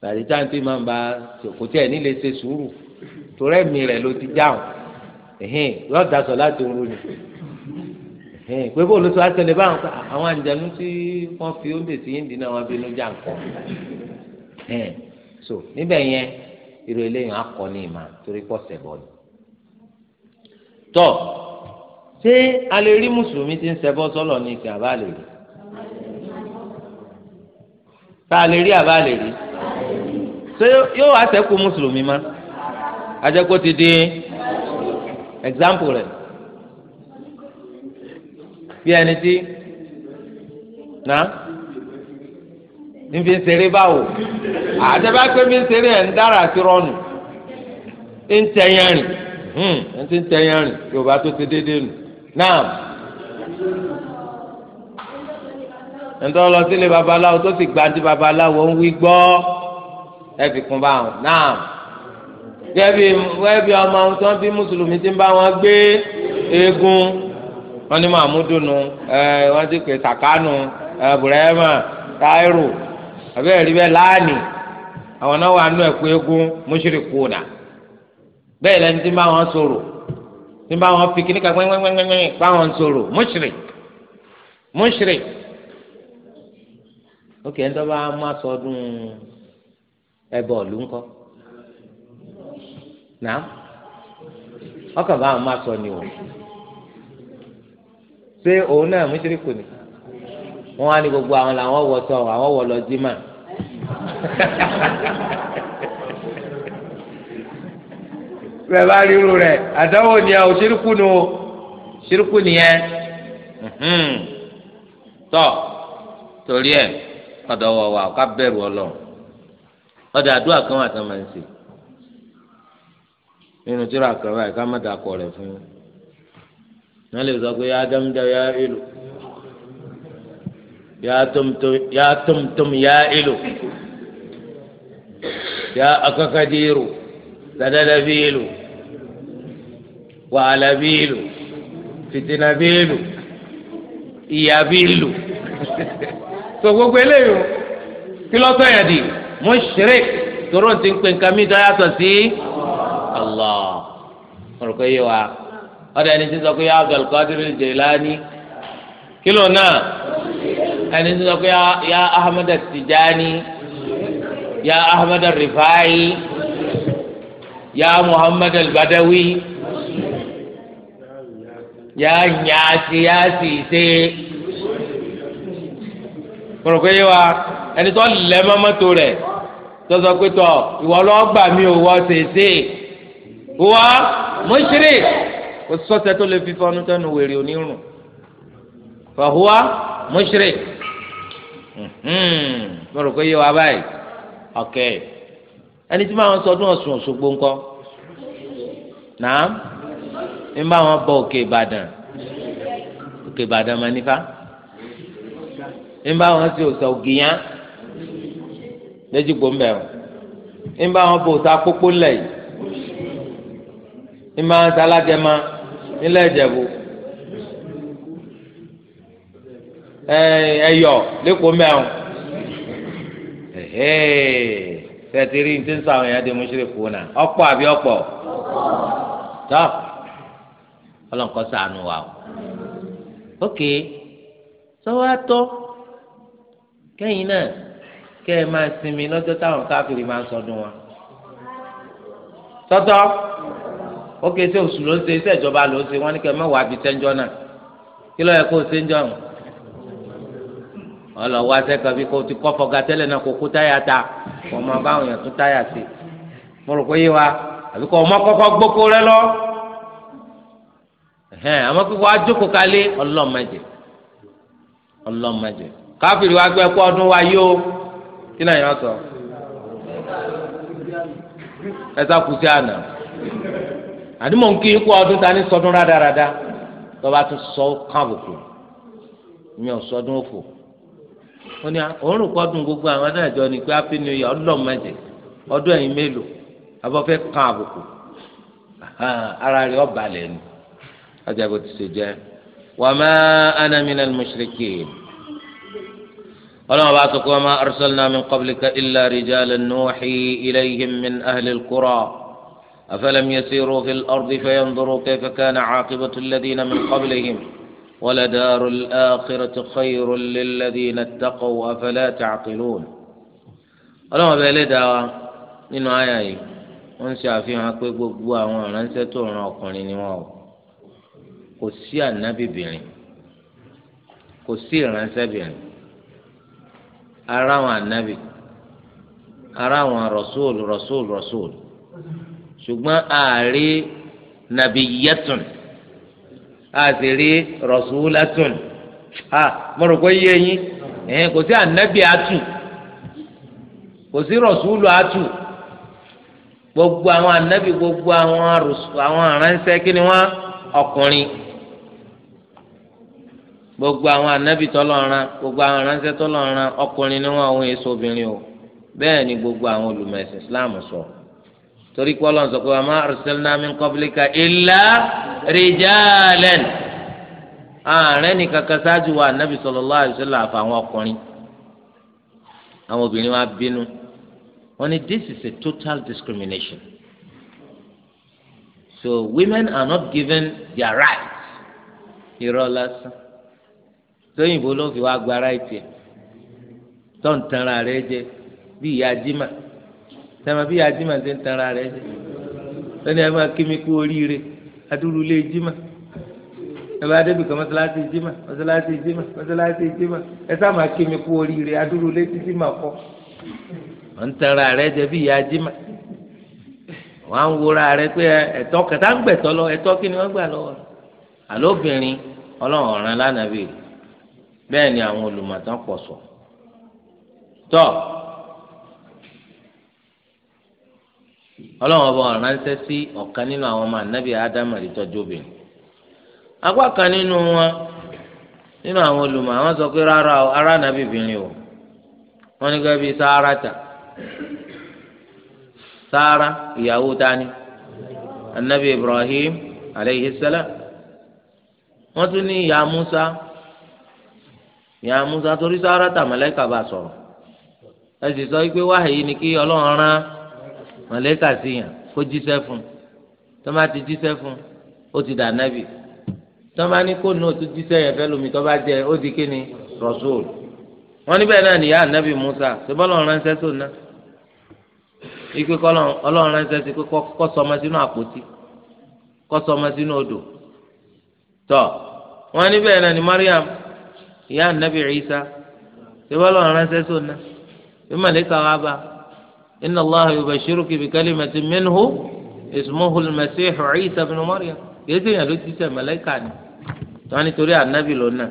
Speaker 1: tàbí táǹtì máa ń ba kò tí ẹ̀ nílé ṣe sùúrù torẹ́mi rẹ̀ ló ti dáhùn yọ̀ọ́ da sọ̀lá tì ń ronú pé bó ló sọ àtẹlẹ báwọn ká àwọn àǹjẹ̀nu tí wọ́n fi oúnjẹ sí yín dínà wọn bínú jà nǹkan so níbẹ̀ yẹn irú eléyìí akọ ní ìmọ̀ torí pọ̀ sẹ̀bọ̀ tọ́ ṣé a lè rí mùsùlùmí tí ń ṣẹbọ sọ́lọ̀ ní ìsìn àbá lè rí tá a lè rí àbá lè rí ṣé yóò wá ṣẹ́kù mùsùlùmí má ajẹ́kù ti dín example rẹ̀ bí ẹni tí nà nfi ṣeré báwo àtẹ̀bá pé mi ṣeré ẹ̀ ń dára sí rọ́ọ̀nù ń tẹ̀yàn rìn hmm, ń ti ń tẹ̀yàn rìn yorùbá tó ti déédéé nù náà ntọ́ lọ sílé babaláwo tó sì gbadé babaláwo ń wí gbọ́ ẹ fi kún bá wọn náà gẹ́bí ọmọ ohun tí wọ́n bí mùsùlùmí ti ń bá wọn gbé eégún. wọ́n ní mahmudu nu ẹ wọ́n ti pè sakanu ẹ burema tairu abẹ́rẹ́ rí bẹ́ẹ̀ láàánì àwọn náà wà nù ẹ̀kú eégún mushrikuna bẹ́ẹ̀ lẹ́ni tí bá wọn tí bá wọn fi kíníkà bá wọn ok ẹni tó bá mú asọdún ẹbọ ọ̀lú ṣé òun náà mùsùlùkù ni wọn wá ní gbogbo àwọn làwọn wọ sọ àwọn wọ lọ jí mà bẹ́ẹ̀ bá ríru rẹ àdáwò ni ọ ṣírùkù nu ṣírùkù nìyẹn tọ torí ẹ ọdọ wọ wa ọkà bẹ̀rù Ọlọ́run ọdọ àdúrà kan wà tán máa ń ṣe nínú tíra kan báyìí ká má dà kọ rẹ fún yín náà lè sọ pé yá dámdá yá ìlú yá tómtóm yá ìlú yá akọ́kadìrú sadadabiilu wàhálàbiilu fitinabiilu ìyàbiilu so gbogbo eléyìí kí lọ́tọ̀ yẹn di mushrik tóró ti ń pè nǹkan mi tó yàtọ̀ sí Allah ọ̀rọ̀ kò yé wa ọ̀dọ̀ ẹni tí ń sọ pé Abdul Qadir Jilani kílò náà ẹni tí ń sọ pé ya Ahmad Tijani ya Ahmad Rifai ya Muhammad al-Badawi ya nyaasi yaasi ṣe kọ̀rọ̀kọ̀ yé wa ẹni tó lẹ́ mọ́mọ́tò rẹ̀ tọ́sọ pé tọ ìwọ gbà mí ò wọ́ ṣèṣe wọ́ mọ́ṣírì kò sọ́sẹ̀ tó lè fi fọnú tẹnu wèrè onírun fàhùwà mushrik hmm, mo rò pé yé wa báyìí ok ẹni tí máa ń sọdún Ọ̀ṣun Òṣogbo ńkọ́ náà ń bá wọn bọ òkè Ìbàdàn òkè Ìbàdàn máa nífa ń bá wọn sí òsà ògìyàn lẹ́jì gbòǹbẹ o ń bá wọn bọ òsà pópó ńlẹ̀ yìí ń bá wọn sá aládẹ́má. nílẹ̀ ìjẹ̀bú ẹyọ lẹ́kọ̀ọ́ mẹ́rin tẹ̀tìrì ní tíńsà àwọn èèyàn di mùsùlùkù náà ọ̀pọ̀ àbí ọ̀pọ̀ tọ́ ọlọ́nkọ́ sànù wa o ok sọ́wọ́ kẹ́yìn náà kẹ́ ẹ máa sinmi lọ́jọ́ táwọn káfíìrì máa ń sọdún wa tọ́tọ́. ó ké sí oṣù ló ń ṣe iṣẹ́ ìjọba ló ń ṣe wọ́n ní kẹ́ mẹ́wàá bíi sẹ́ńjọ́ náà kí ló yẹ kó o sẹ́ńjọ́ ọ̀hún ọlọ́wọ́ asẹ́kọ̀ọ́ bí kò ti kọ́ fọ́gà tẹ́lẹ̀ náà kò kú táyà ta wọ́n máa bá òyìn tún táyà sí mo rò pé yé wa àbí kò ọmọ kọ́kọ́ gbóko rẹ lọ àmọ́ kí wọ́n á jókòó kalẹ̀ ọlọ́mọdé ọlọ́mọdé káfíìrì wa gbé ẹ̀kọ́ ọdún wa yó kí náà yọ sọ
Speaker 2: ẹ sá kùsí àná àdìmọ̀ ń kí ikú ọdún ta ní
Speaker 1: sọdún rádaràda tọ́ba tún sọ káàbùkù mi ò sọdún òfò ó ní òórùn kọ́dún gbogbo àwọn adájọ́ ni pé happy new year ọlọ́mọdé ọdún ẹ̀yìn mélòó abọ́fẹ́ káàbùkù ara rẹ̀ ọba lẹ̀ ni ọjà bó ti ṣe jẹ́ wàmà anamina mushrikin ọlọ́mọba àtọkọ́ ma arsalna min qablika illa rijalan nuhi ilayhim min ahlil qura. أفلم يسيروا في الأرض فينظروا كيف كان عاقبة الذين من قبلهم ولدار الآخرة خير للذين اتقوا أفلا تعقلون ọlọ́run ọba ẹlẹ́dàá wa nínú àyà yìí wọ́n ń ṣe àfihàn pé gbogbo àwọn ìránṣẹ́ tó ràn ọkùnrin ni wọ́n o kò sí ànábìbìnrin kò sí ìránṣẹ́bìnrin ara àwọn ànábì ara àwọn rọ̀súùlù rọ̀súùlù rọ̀súùlù ṣùgbọ́n ààrí nàbìyẹ́tùn àṣírí rọ̀ṣúlẹ́tùn à mo rò pé yé yín ẹ̀hìn kò sí ànábì àtù kò sí rọ̀ṣúlù àtù gbogbo àwọn ànábì gbogbo àwọn àwọn aránṣẹ́ kí ni wọ́n ọkùnrin gbogbo àwọn ànábì tọ́lọ́ran gbogbo àwọn aránṣẹ́ tọ́lọ́ran ọkùnrin ni wọ́n èso obìnrin o bẹ́ẹ̀ ni gbogbo àwọn olùmọ̀ ẹ̀sìn Islam sọ. torí pé ọlọ́run sọ pé wa ma arsalna min qablika illa rijalan ààrẹ nìkan kan ṣáájú wa anabi sallallahu alaihi wasallam àfàwọn ọkùnrin àwọn obìnrin wa bínú wọn ni this is a total discrimination so women are not given their rights irọ́ lásán tóyìnbó ló fi wá gba right yẹn tó ń tanra rẹ jẹ bí ìyá jimá. sẹ́mi bí adima ṣe ń tara rẹ̀ jẹ́ kú oríire adúlù lé kan mọ́sálásí mọ́sálásí mọ́sálásí ẹ kú oríire adúlù lé títí tara rẹ̀ jẹ́ bí ìyá wọ́n á ń wúra rẹ̀ pé ẹ̀tọ́ kẹta ń gbẹ̀tọ́ lọ ẹ̀tọ́ ni wọ́n gbà lọ́wọ́ àlóbìnrin ọlọ́run ọ̀ràn ọlọ́run ọba ránṣẹ́ sí ọ̀kan nínú àwọn ọmọ ànábì ádámù àdìtọ́jú obìnrin apá kan nínú wọn nínú àwọn olùmọ̀ àwọn sọ pé rárá ará ànábì obìnrin o wọn ní gẹ́gẹ́ bíi sáárà tà sáárà ìyàwó ànábì ibrahim aleyhi wọn tún ní ìyá musa ìyá musa torí sáárà tà màláíkà bá sọ̀rọ̀ ẹ sì sọ pé wáhàyí ni kí mọ̀lẹ́kà sí yàn kó jíṣẹ́ fún tó bá ti jíṣẹ́ fún ó ti dà nábì tó bá ní kó náà tó jíṣẹ́ yẹn fẹ́ lómi tó jẹ ó di kíni rọ̀ṣọ́ọ̀l wọn níbẹ̀ náà nìyá nábì Musa ṣé bọ́lá ọ̀rọ̀ ránṣẹ́ tó ná ikú ọlọ́run ránṣẹ́ sí kó kọ́ sọmọ sínú àpótí kọ́ sọmọ sínú odò tọ́ wọn níbẹ̀ náà ni Mariam ìyá nábì Isa ṣé bọ́lá ọ̀rọ̀ ránṣẹ́ tó ná bí mọ̀lẹ́kà bá inna allah yubashiruki bi kalimati minhu ismuhu almasihu isa bin maryam kìí sèyàn ló ti sẹ mẹlẹka ni wọn nítorí anabi ló nà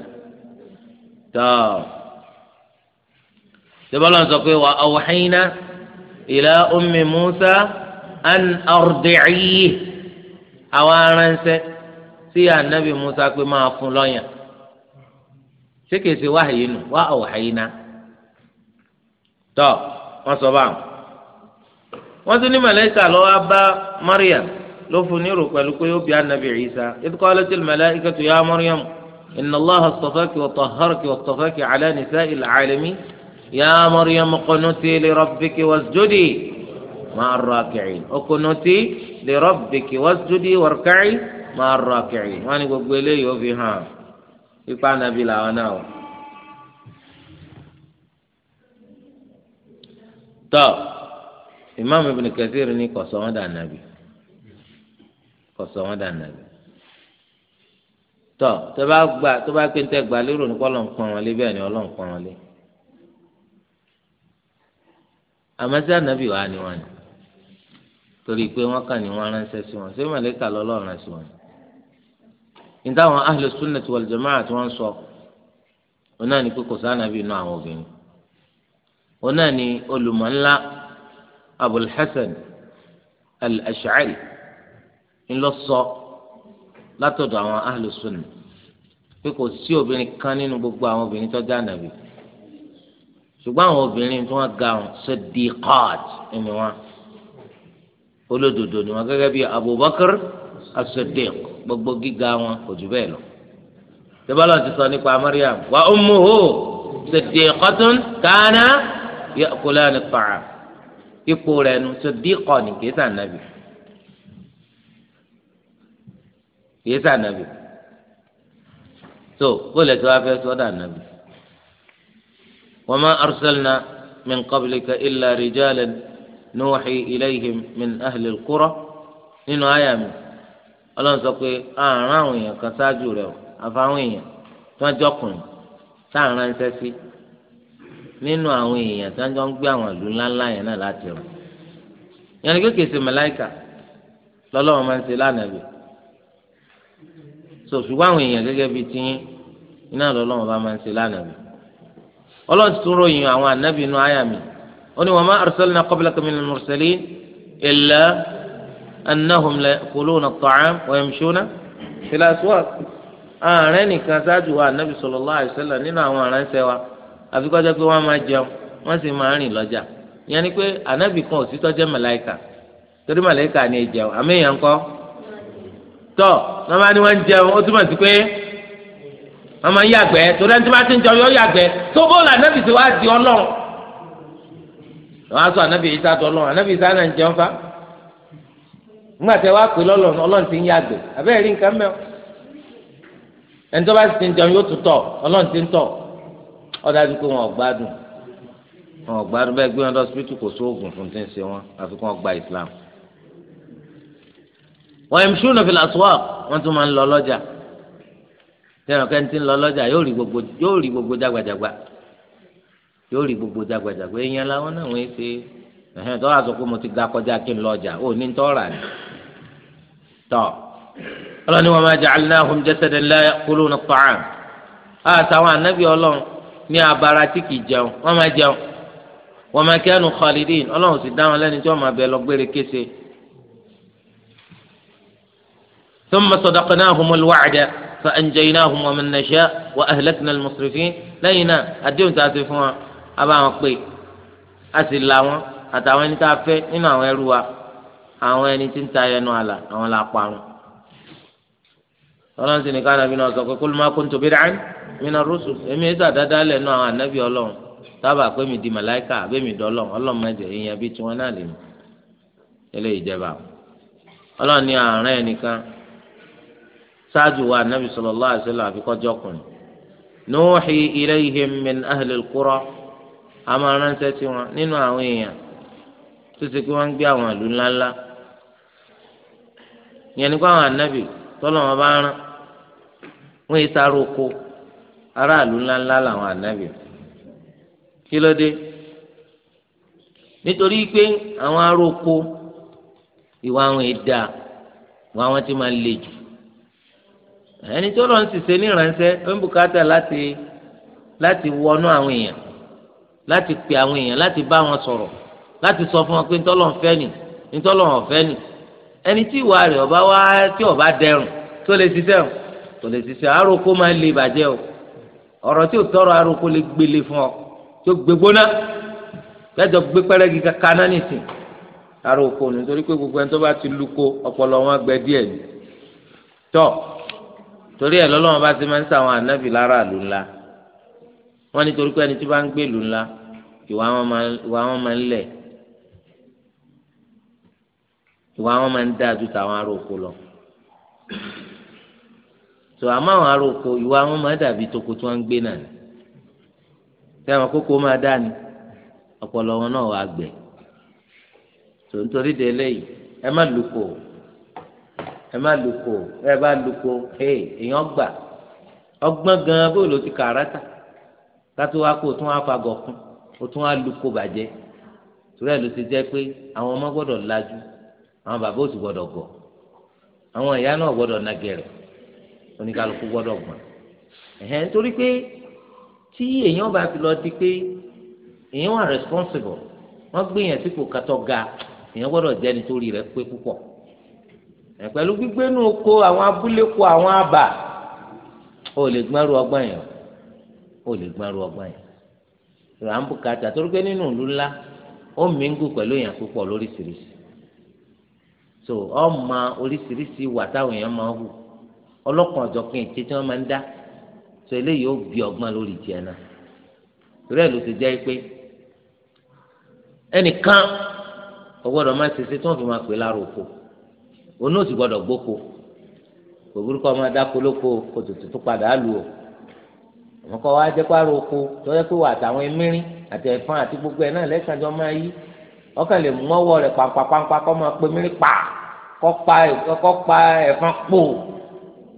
Speaker 1: tó tẹbọlọ sọ pé wa awhayna ila ummi musa an ardi'i àwọn aránsẹ sí anabi musa pé máa fún lọ́yàn ṣé kìí ṣe wáhìí nù wa awhayna tó wọn sọ báwọn. wọ́n tún ní màláíkà lọ wá bá Maryam ló fún ní nírò pẹ̀lú pé ó bí anabi Isa idh qalatil malaa'ikatu ya Maryam inna Allaha istafaki wa tahharaki wa istafaki ala nisa'il àlẹ́mí ya Maryam qunuti li rabbiki wasjudi ma'a raki'in qunuti li rabbiki wasjudi warka'i ma'a raki'in wọ́n ní gbogbo eléyìí ó fi hàn ipa anabi làwọn náà wọ̀. imam ibn kathir ní kọsọ wọn dà Nabi. kọsọ wọn dà nàbì tọ tó bá gbà tó bá pé ń tẹ gbà lérò ní ni ọlọ́ ń pọn wọn lé wa ni wọn ni torí pé wọn kàn ní wọn ránṣẹ́ sí wọn ṣé màlẹ́kà lọ́lọ́run sí wọn ní táwọn ahlus sunnati wal jamaa'ah tí sọ òun náà ni pé kò sí ànábì inú àwọn obìnrin òun náà ni olùmọ̀ abul hasan al-ash'ari ńlọsọ látọ̀dọ̀ àwọn ahlu sunna pé kò sí obìnrin kan nínú gbogbo àwọn obìnrin tó dáná bi ṣùgbọ́n àwọn obìnrin tí wọ́n ga wọn sadiqat ni wọn olódodo ni wọn gẹ́gẹ́ bí abubakar as-siddiq gbogbo gíga wọn kò jù bẹ́ẹ̀ lọ tẹ́bálọ̀ ti sọ nípa mariam wa ummuhu sadiqatun kana ya'kulani at-ta'am ipò rẹ̀ nu sọdíkọ ní kìí sàn nàbì kìí sàn nàbì tó bóòlù ẹ̀sọ́ afẹ́ sọ́dà nàbì wa ma arsalna min qablika illa rijalan nuhi ilayhim min ahli al nínú àyà mi ọlọ́run pé àrùn àwọn èèyàn kan ṣáájú rẹ̀ o àfàwọn èèyàn tí wọ́n jọkùnrin tá ń ránṣẹ́ sí nínú àwọn èèyàn tí wọ́n jọ ń gbé àwọn ìlú ńláńlá yẹn náà láti rọ yẹnni kékeré sí mẹláìkà lọ́lọ́wọ́ máa ń ṣe lánàá bì so ṣùgbọ́n àwọn èèyàn gẹ́gẹ́ bíi tiyín iná lọ́lọ́wọ́ bá máa ń ṣe lánàá bì ọlọ́run ti tún ròyìn àwọn ànábì inú àyà mi ó ní wa ma arsalna qablaka minal mursalin illa annahum layakuluna at-ta'am wa yamshuna fil aswaq ààrẹ nìkan ṣáájú wa ànábì sallallahu alaihi nínú àwọn àránṣẹ́ wa àfi kọjá pé wọn máa jẹun wọn sì máa rìn lọ́jà ìyẹn ni pé ànábì kan ò sí tọjẹ màláìkà torí màláìkà ni ìjẹun àmì kọ tọ wọn máa ní wọn jẹun ó túmọ̀ sí pé máa ń yàgbẹ́ torí ẹni tí ti ń jẹun yóò yàgbẹ́ tó bóòlù ànábì ti wá di ọlọ́run á sọ ànábì yìí sá ànábì sá náà ń jẹun fa pè lọ́lọ́run ọlọ́run ti ń ó dájú pé wọn ò gbádùn wọn ò gbádùn bẹ́ẹ̀ gbé wọn lọ síbítù kò sóògùn fún tí ń ṣe wọn àfi kí wọn gba islam. wọ́n yẹn ṣúná fi làṣọ́ọ̀ wọ́n tún máa ń lọ lọ́jà tẹ́wọ̀n kẹ́ni tí ń lọ lọ́jà yóò rí gbogbo yóò rí gbogbo jágbajàgba yóò rí gbogbo jágbajàgba èèyàn làwọn náà wọ́n ṣe ẹ̀hẹ́n tó wàá sọ pé mo ti ga kọjá kí n lọ́jà ó ní tọ́ra ni tọ́ ọlọ́ni wa ma ja'alnahum jasadan la ya'kuluna at-ta'am ní abara tí kì í jẹun wọ́n máa jẹun wọ́n máa kẹ́nu khalidin ọlọ́run sì dá wọn lẹ́ni tí wọ́n máa bẹ lọ gbére kése. ثم صدقناهم الوعد فأنجيناهم ومن نشاء وأهلكنا المصرفين لينا أديهم تاسفون أبا مقبي أسل لهم àtàwọn ẹni tá a fẹ́ nínú àwọn ẹrú wa àwọn ẹni tí ń ta ẹnu àlà àwọn là parun. ọlọ́run sì ní ká nàbí náà sọ pé kul ma kuntu bid'an mina rusu èmi ètò àdáda lẹ nù àwọn anabi Ọlọ́run tábà pé mi di màláìka àbẹ mi dọlọ ma mẹjẹ ìyẹn bí tiwọn náà lè mi ilé ìjẹba Ọlọ́run ni àárín ẹnìkan ṣáájú wa anabi nuuhi min ahlil kura a máa ránṣẹ́ sí wọn nínú wọn gbé àwọn ìlú ńláńlá kó aráàlú ńláńlá làwọn ànábì kí ló dé nítorí pé àwọn aróko ìwà àwọn ẹ̀dá wọn àwọn ti máa le jù ẹni tó lọ ń ṣiṣẹ́ ní ìránṣẹ́ ó ń bùkátà láti láti wọnú àwọn èèyàn láti pè àwọn èèyàn láti bá wọn sọ̀rọ̀ láti sọ fún wọn pé ntọ́lọ̀ ń fẹ́ nì ntọ́lọ̀ ń fẹ́ nì ẹni tí ìwà rẹ̀ ọba wá tí ọba dẹrùn tó lè ṣiṣẹ́ o tó lè ṣiṣẹ́ àròkó máa le bàjẹ́ o ọ̀rọ̀ tí ò tọrọ aroko lè gbélé fún ọ tí ó gbégbóná kẹjọ gbé pẹrẹgì kankan náà nìsín aroko nítorí pé gbogbo ẹni tó bá ti luko ọpọlọ wọn gbẹ díẹ̀ ni tọ torí ẹ lọ́lọ́wọ́n bá ti máa ń sàwọn ànábì lára ìlú ńlá wọn nítorí pé ẹni tí bá ń gbé ìlú ńlá ìwà wọn máa ń lẹ̀ ìwà wọn máa ń dáa ju tàwọn aroko lọ tó àmọ́ àwọn ará oko ìwà wọn máa dàbí toko tí wọ́n ń gbé náà ni tí àwọn kókó máa dá ni ọpọlọ wọn náà wàá gbẹ tó nítorí de eléyìí ẹ má lùkò ẹ má lùkò ẹ bá lùkò hey èèyàn gbà ọgbọ́n gan bó ló ti kàràtà kátó wá kó o tún wá fagọ̀ kún o tún wá lùkò bàjẹ́ torí ẹ̀ ló ti jẹ́ pé àwọn ọmọ gbọ́dọ̀ lajú àwọn bàbá ò sì gbọ́dọ̀ àwọn ìyá náà gbọ́dọ̀ nagẹ̀rẹ̀ oníkálukú gbọ́dọ̀ gbọ́n ẹ̀hẹ́n torí pé tí èèyàn bá fi lọ di pé èèyàn wà responsible wọ́n gbìyànjú sípò kátó ga èèyàn gbọ́dọ̀ jẹ́ nítorí rẹ̀ pé púpọ̀ pẹ̀lú gbígbénu oko àwọn abúlé ko àwọn abà ó lè gbárù ọgbọ́n yẹn ó lè gbárù ọgbọ́n yẹn rà ń bùkátà torí pé nínú ìlú ńlá ó mìíngù pẹ̀lú èèyàn púpọ̀ lóríṣiríṣi so ọmọ oríṣiríṣi wà táwọn èèyàn máa ń hù ọlọ́kan ọ̀jọ̀kan ètè tí wọ́n máa ń dá sọ eléyìí ó bí ọgbọ́n lórí tiẹ̀ náà torí ẹ̀ ló ti jẹ́ pé ẹnìkan kò gbọ́dọ̀ máa ṣe ṣe tí wọ́n fi máa pè lára òfo òun náà sì gbọ́dọ̀ gbóko kò burúkọ máa dáko lóko kò tètè tó padà lù ọ́ àwọn kan wá jẹ́ pàrọ̀ oko tó yẹ pé wà àtàwọn ẹmírín àti ẹ̀fọn àti gbogbo ẹ̀ náà lẹ́sàn-án máa yí ọkàn lè mọ́wọ́ rẹ̀ pàǹpàpàǹpà kọ́ máa pe mírín pa kọ́ pa ẹ̀fọn pò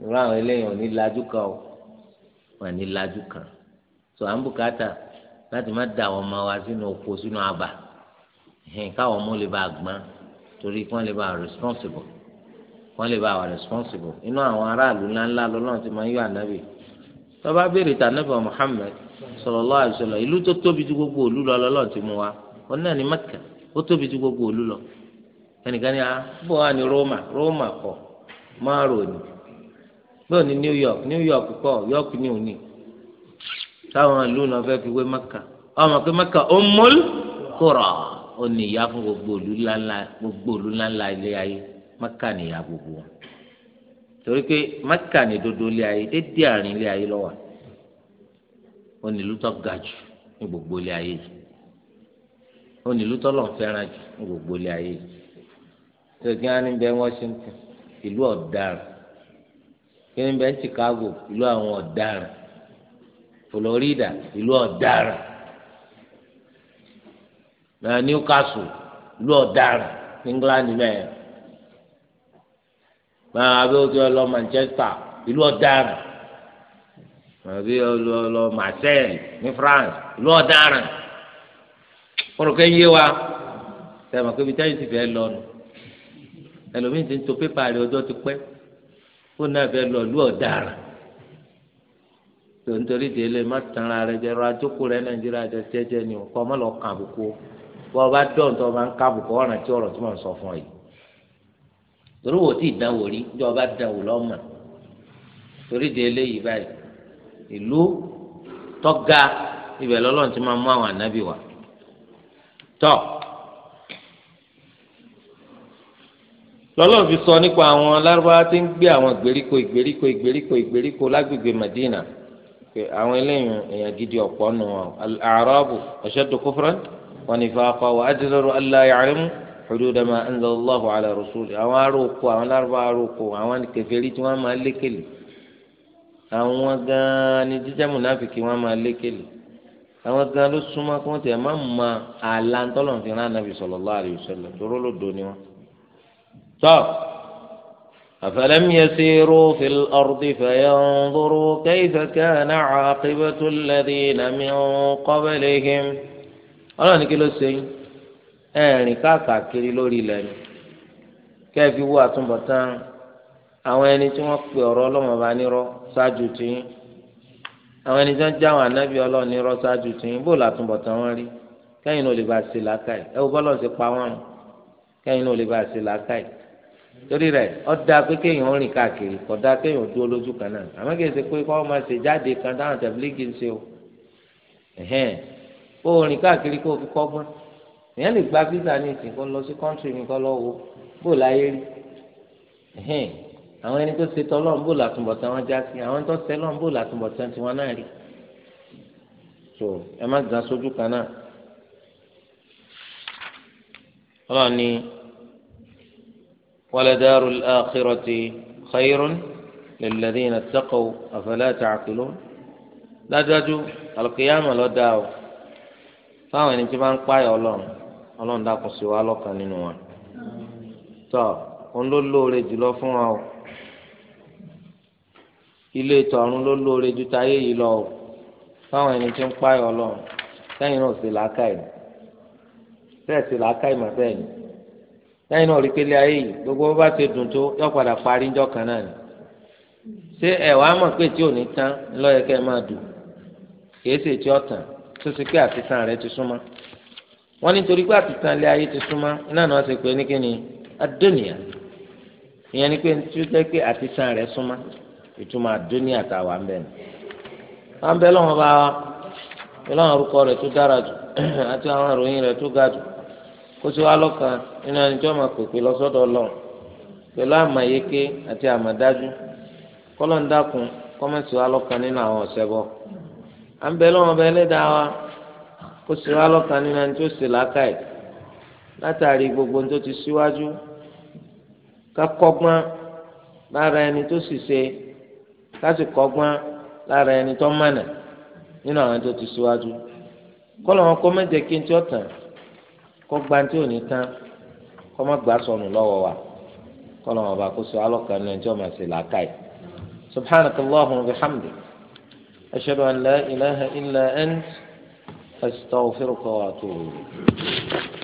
Speaker 1: irú àwọn eléyìí ò ní lajú kan o wọn ní lajú kan tó à ń bùkátà láti má da àwọn ọmọ wa sínú oko sínú káwọn ọmọ lè bá torí kí wọ́n lè bá responsible lè bá wà responsible inú àwọn aráàlú ńláńlá ti máa ń yọ ànábì tó béèrè tànábì Muhammad sallallahu alaihi wasallam ìlú tó gbogbo òlú lọ ti wa náà ní Mẹ́kà ó tóbi gbogbo òlú lọ ẹnìkan ní a ah, bóyá ní New York New York kọ́ York ni òní táwọn ìlú náà fẹ́ fi wé Mẹ́kà ọmọ pé Mẹ́kà Ummul Qura ó ní ìyá fún gbogbo òlú ńláńlá gbogbo òlú ńláńlá ilé ayé Mẹ́kà ní ìyá gbogbo wọn torí pé Mẹ́kà ní dodo ilé ayé dédé àárín ilé ayé lọ́wọ́ ó ní ìlú tó ga jù ní gbogbo ilé ayé yìí ó ní ìlú tó lọ́n fẹ́ràn jù ní gbogbo ilé ayé yìí tó kí wọ́n á ní bẹ́ẹ̀ Washington ìlú ọ̀daràn kí ni bẹ́ẹ̀ Chicago ìlú àwọn ọ̀daràn Florida ìlú ọ̀daràn na Newcastle ìlú ọ̀daràn England mẹ́ẹ̀ máa abẹ́wòtí ọlọ Manchester ìlú ọ̀daràn àbí ọlọ Marseille ní France ìlú ọ̀daràn kọ́nùkẹ́ yé wa sẹ́wọ̀n kébi táyì sì fẹ́ lọ́nu ẹlòmíì ti ń to pépà rẹ̀ ọjọ́ ti pẹ́ fóònù náà fẹ́ lọ lú ọ̀daràn tó nítorí délé má tanra rẹ jẹ adókò rẹ nàìjíríà jẹ jẹjẹ ni o kọ́ ọ kàn àbùkù bọ́ bá dọ̀n tó bá ń ká àbùkù ọ̀ràn tí ọ̀rọ̀ tí mo sọ fún ọ yìí torí wò ó tí rí bí ọba dánwò lọ́mọ torí délé yìí báyìí ìlú tọ́ga ibẹ̀ lọ́lọ́run ti máa mú àwọn ànábì wá tọ́. lọ́lọ́run fi sọ nípa àwọn lárúbáwá tí ń gbé àwọn ìgbèríko ìgbèríko ìgbèríko ìgbèríko lágbègbè Madina àwọn eléyìí èèyàn gidi ọ̀pọ̀ nù wọn al-Arabu ashaddu kufran wa nifaqa wa ajdaru alla ya'lamu hududa ma anzalallahu ala rasuli àwọn aróko àwọn lárúbáwá aróko àwọn kèfèrí tí wọ́n máa lékele àwọn gan-an ni jíjẹ́ múnáfìkì wọ́n máa lékele àwọn gan-an ló súnmọ́ kí wọ́n ti ẹ̀ má ma àlàntọ́lọ̀ fi rán Ànábì sallallahu alayhi tọ́ أفلم يسيروا في الأرض فينظروا كيف كان عاقبة الذين من قبلهم ọlọ́run kí ló ṣe yín ẹ̀rìn káàkiri lórí ilẹ̀ ni kẹ́ẹ̀fì wo àtúbọ̀tán àwọn ẹni tí wọ́n pe ọ̀rọ̀ ọlọ́run bá nírọ́ ṣáájú tìyín àwọn ẹni tí wọ́n já àwọn anábì ọlọ́run nírọ́ ṣáájú tìyín bó làtúbọ̀tán wọn rí kẹ́yìn náà lè bá ṣe làákàyè ẹ wo bọ́lọ̀ ṣe pa wọn kẹ́yìn náà lè bá ṣe làákàyè torí rẹ̀ ọ̀dà pé kéèyàn rìn káàkiri kódà kéèyàn dúró lójú kan náà àmọ́ kìí ṣe pé kọ́ ọ́ máa ṣe jáde kan dáhùn tẹ̀blígì ń ṣe o kó o rìn káàkiri kó o fi kọ́gbọ́n èèyàn lè gba visa ní ìsìn kó lọ sí kọ́ńtì mi kó lọ wo bó láyé rí àwọn ẹni tó ṣe tọ́lọ́run bó làtúbọ̀tán wọn já sí àwọn tó ṣe lọ́run bó làtúbọ̀tán tiwọn náà rí so ẹ má gbà sójú kan náà ولدار الآخرة خير للذين اتقوا أفلا تعقلون لا تجو القيامة لا داو فاهم انت ما نقاي ọlọ́run ọlọ́run dàpọ̀ sí wa lọ́kàn nínú wa tọ́ òun ló lóore jùlọ fún wa o ilé tọ̀run ló lóore ju táyé yìí lọ o fáwọn ẹni tí ń páyọ̀ ọlọ́run sẹ́yìn náà sì làákàyè sẹ́ẹ̀ sì làákàyè mà bẹ́ẹ̀ ni. lẹ́yìn náà rí ayé gbogbo bá ti dùn tó yọ padà parí ńjọ́ kan náà ni ṣé ẹ wàá mọ̀ pé tí ò ní tán lọ́yẹ kẹ́ ẹ máa tàn tó ṣe pé àtìtàn rẹ ti súnmọ́ wọ́n nítorí pé àtìtàn ilé ayé ti súnmọ́ náà ni wọ́n ṣe pé ní kí ni adóníyà ìyẹn rẹ súnmọ́ ìtumọ̀ adóníyà tá a wà ń bẹ̀ kóso alọ́kan nínú ẹni tí wọ́n máa pèpè lọ pẹ̀lú àmàyéké àti àmàdájú kọ́lọ́ńdàkùn kọ́mẹ́sì nínú àwọn ọ̀sẹ̀ bọ̀ à ń bẹ lọ́wọ́ bẹ wa kóso nínú ẹni sì làákàyè látàrí gbogbo tó ti síwájú lára ẹni tó sì ṣe láti lára ẹni tó mànà nínú àwọn tó ti kó gba tí ò ní tán kó má gbà sọnù lọ́wọ́ wa kó lọ́wọ́ bá kó so alọ́kan náà tí ó máa ṣe làákàyè subhanaka allahumma wa bihamdik ashhadu an la ilaha illa ant astaghfiruka wa atubu ilayk.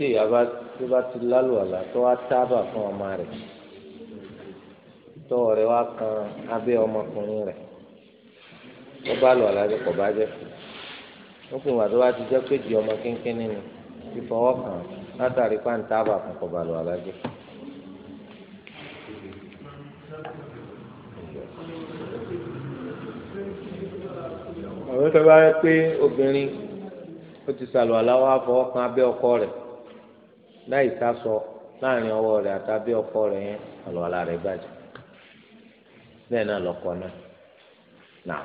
Speaker 1: tí ìyá bá tó bá ti lálùwàlà tó wá tábà fún ọmọ rẹ̀ tọ́wọ́ rẹ̀ wá kan abẹ́ ọmọkùnrin rẹ̀ ó bá lọ àlàyé kò bá jẹ́ ó pè wá tó bá ti jẹ́ pé di ọmọ kínkín nínú fífọwọ́ kàn látàrí pàǹtàbà fún kò bá lọ àlàyé. àwọn tó bá yẹ pé obìnrin ó ti sàlùwàlà wá fọwọ́ kan abẹ́ ọkọ rẹ̀. láì sásọ láàrin ọwọ́ rẹ̀ àtàbí ọkọ rẹ̀ yẹn àlùwàlá rẹ̀ bàjẹ́ bẹ́ẹ̀ náà lọ́kọ náà nà.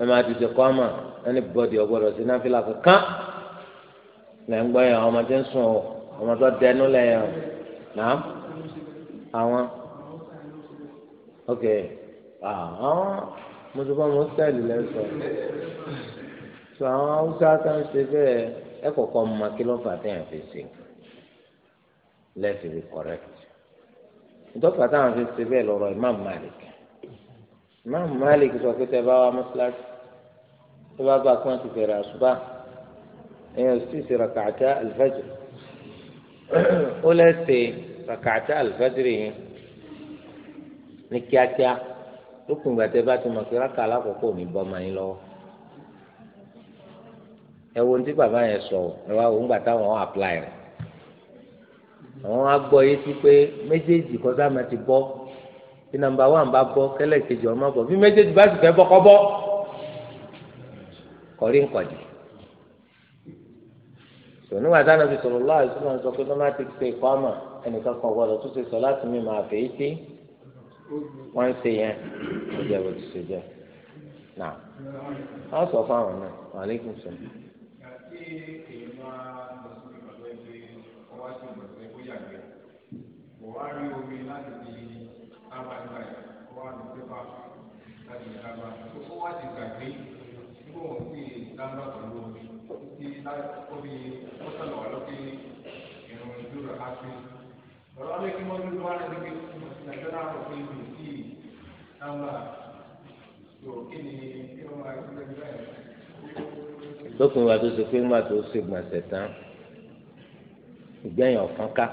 Speaker 1: ẹ máa ti ẹni bọ́dì ọgbọ́dọ̀ sí náfìlà kankan lẹ́ ń gbọ́ yẹn àwọn ọmọdé ń sùn o àwọn tó dẹnu lẹ́yìn o náà àwọn ok àwọn mùsùlùmí mùsùlùmí lẹ́ sọ so àwọn haúsá kan ṣe bẹ́ẹ̀ ẹ kọ̀ọ̀kan mọ kí ló fà tẹ̀yàn fi ṣe lẹ́sìn rí correct ìdọ́fà táwọn fi ṣe bẹ́ẹ̀ lọ́rọ̀ Imam Malik Imam Malik sọ pé tẹ bá wa mọ́ṣáláṣí tó bá bá kún àti bẹ̀rẹ̀ àṣùbà ẹ̀yìn òsì ṣe ràkàtà àlùfájìrì ó lẹ́sẹ̀ ràkàtà àlùfájìrì yẹn ní kíákíá lókùn ìgbà tẹ́ bá ti mọ̀ pé rákà alákòókò ní bọ́mọ yín lọ́wọ́ ẹ wo ní bàbá yẹn sọ ẹ wá òun gbà táwọn apply rẹ̀ àwọn agbọ́ yé sí pé méjèèjì kọjá máa ti bọ́ bí nàmbà wà ń bá bọ́ kẹ́lẹ́ kejì ọmọ bọ́ bí méjèèjì bá sì fẹ́ bọ́ kọ́ bọ́ kọrí nkọ̀dì tòun nígbà táwọn fi sọ̀rọ̀ lọ́wọ́ àti sọ́kàn sọ pé bá má ti ṣe ìkọ́ ọmọ ẹnìkan kan gbọ́dọ̀ tó ṣe sọ láti mi máa fèé tí wọ́n ń ṣe yẹn ó jẹ́ bó ti ṣe jẹ́ náà wọ́n sọ fáwọn náà wàlẹ́kùn sọ.
Speaker 2: wàá rí omi láti di ábàgbà wàá lọ pépà láti ìjàmbá ó wá ti gbàgbé tó ń pè dáńdá pẹ̀lú omi títí omi mọ́tàlá wà lókè ìrìn ìdúró àti ọ̀rọ̀ ọ̀lẹ́ kí wọ́n lórí wá lẹ́gbẹ̀ẹ́ nàìjíríà náà pé ìlú sí dáńdá tó kí ni kí wọ́n máa gbé bẹ́ẹ̀.
Speaker 1: lókun ìwà tó ṣe pé ńgbà tó ṣe gbọ̀nsẹ̀ tán ìgbẹ́yìn ọ̀fọ́n ká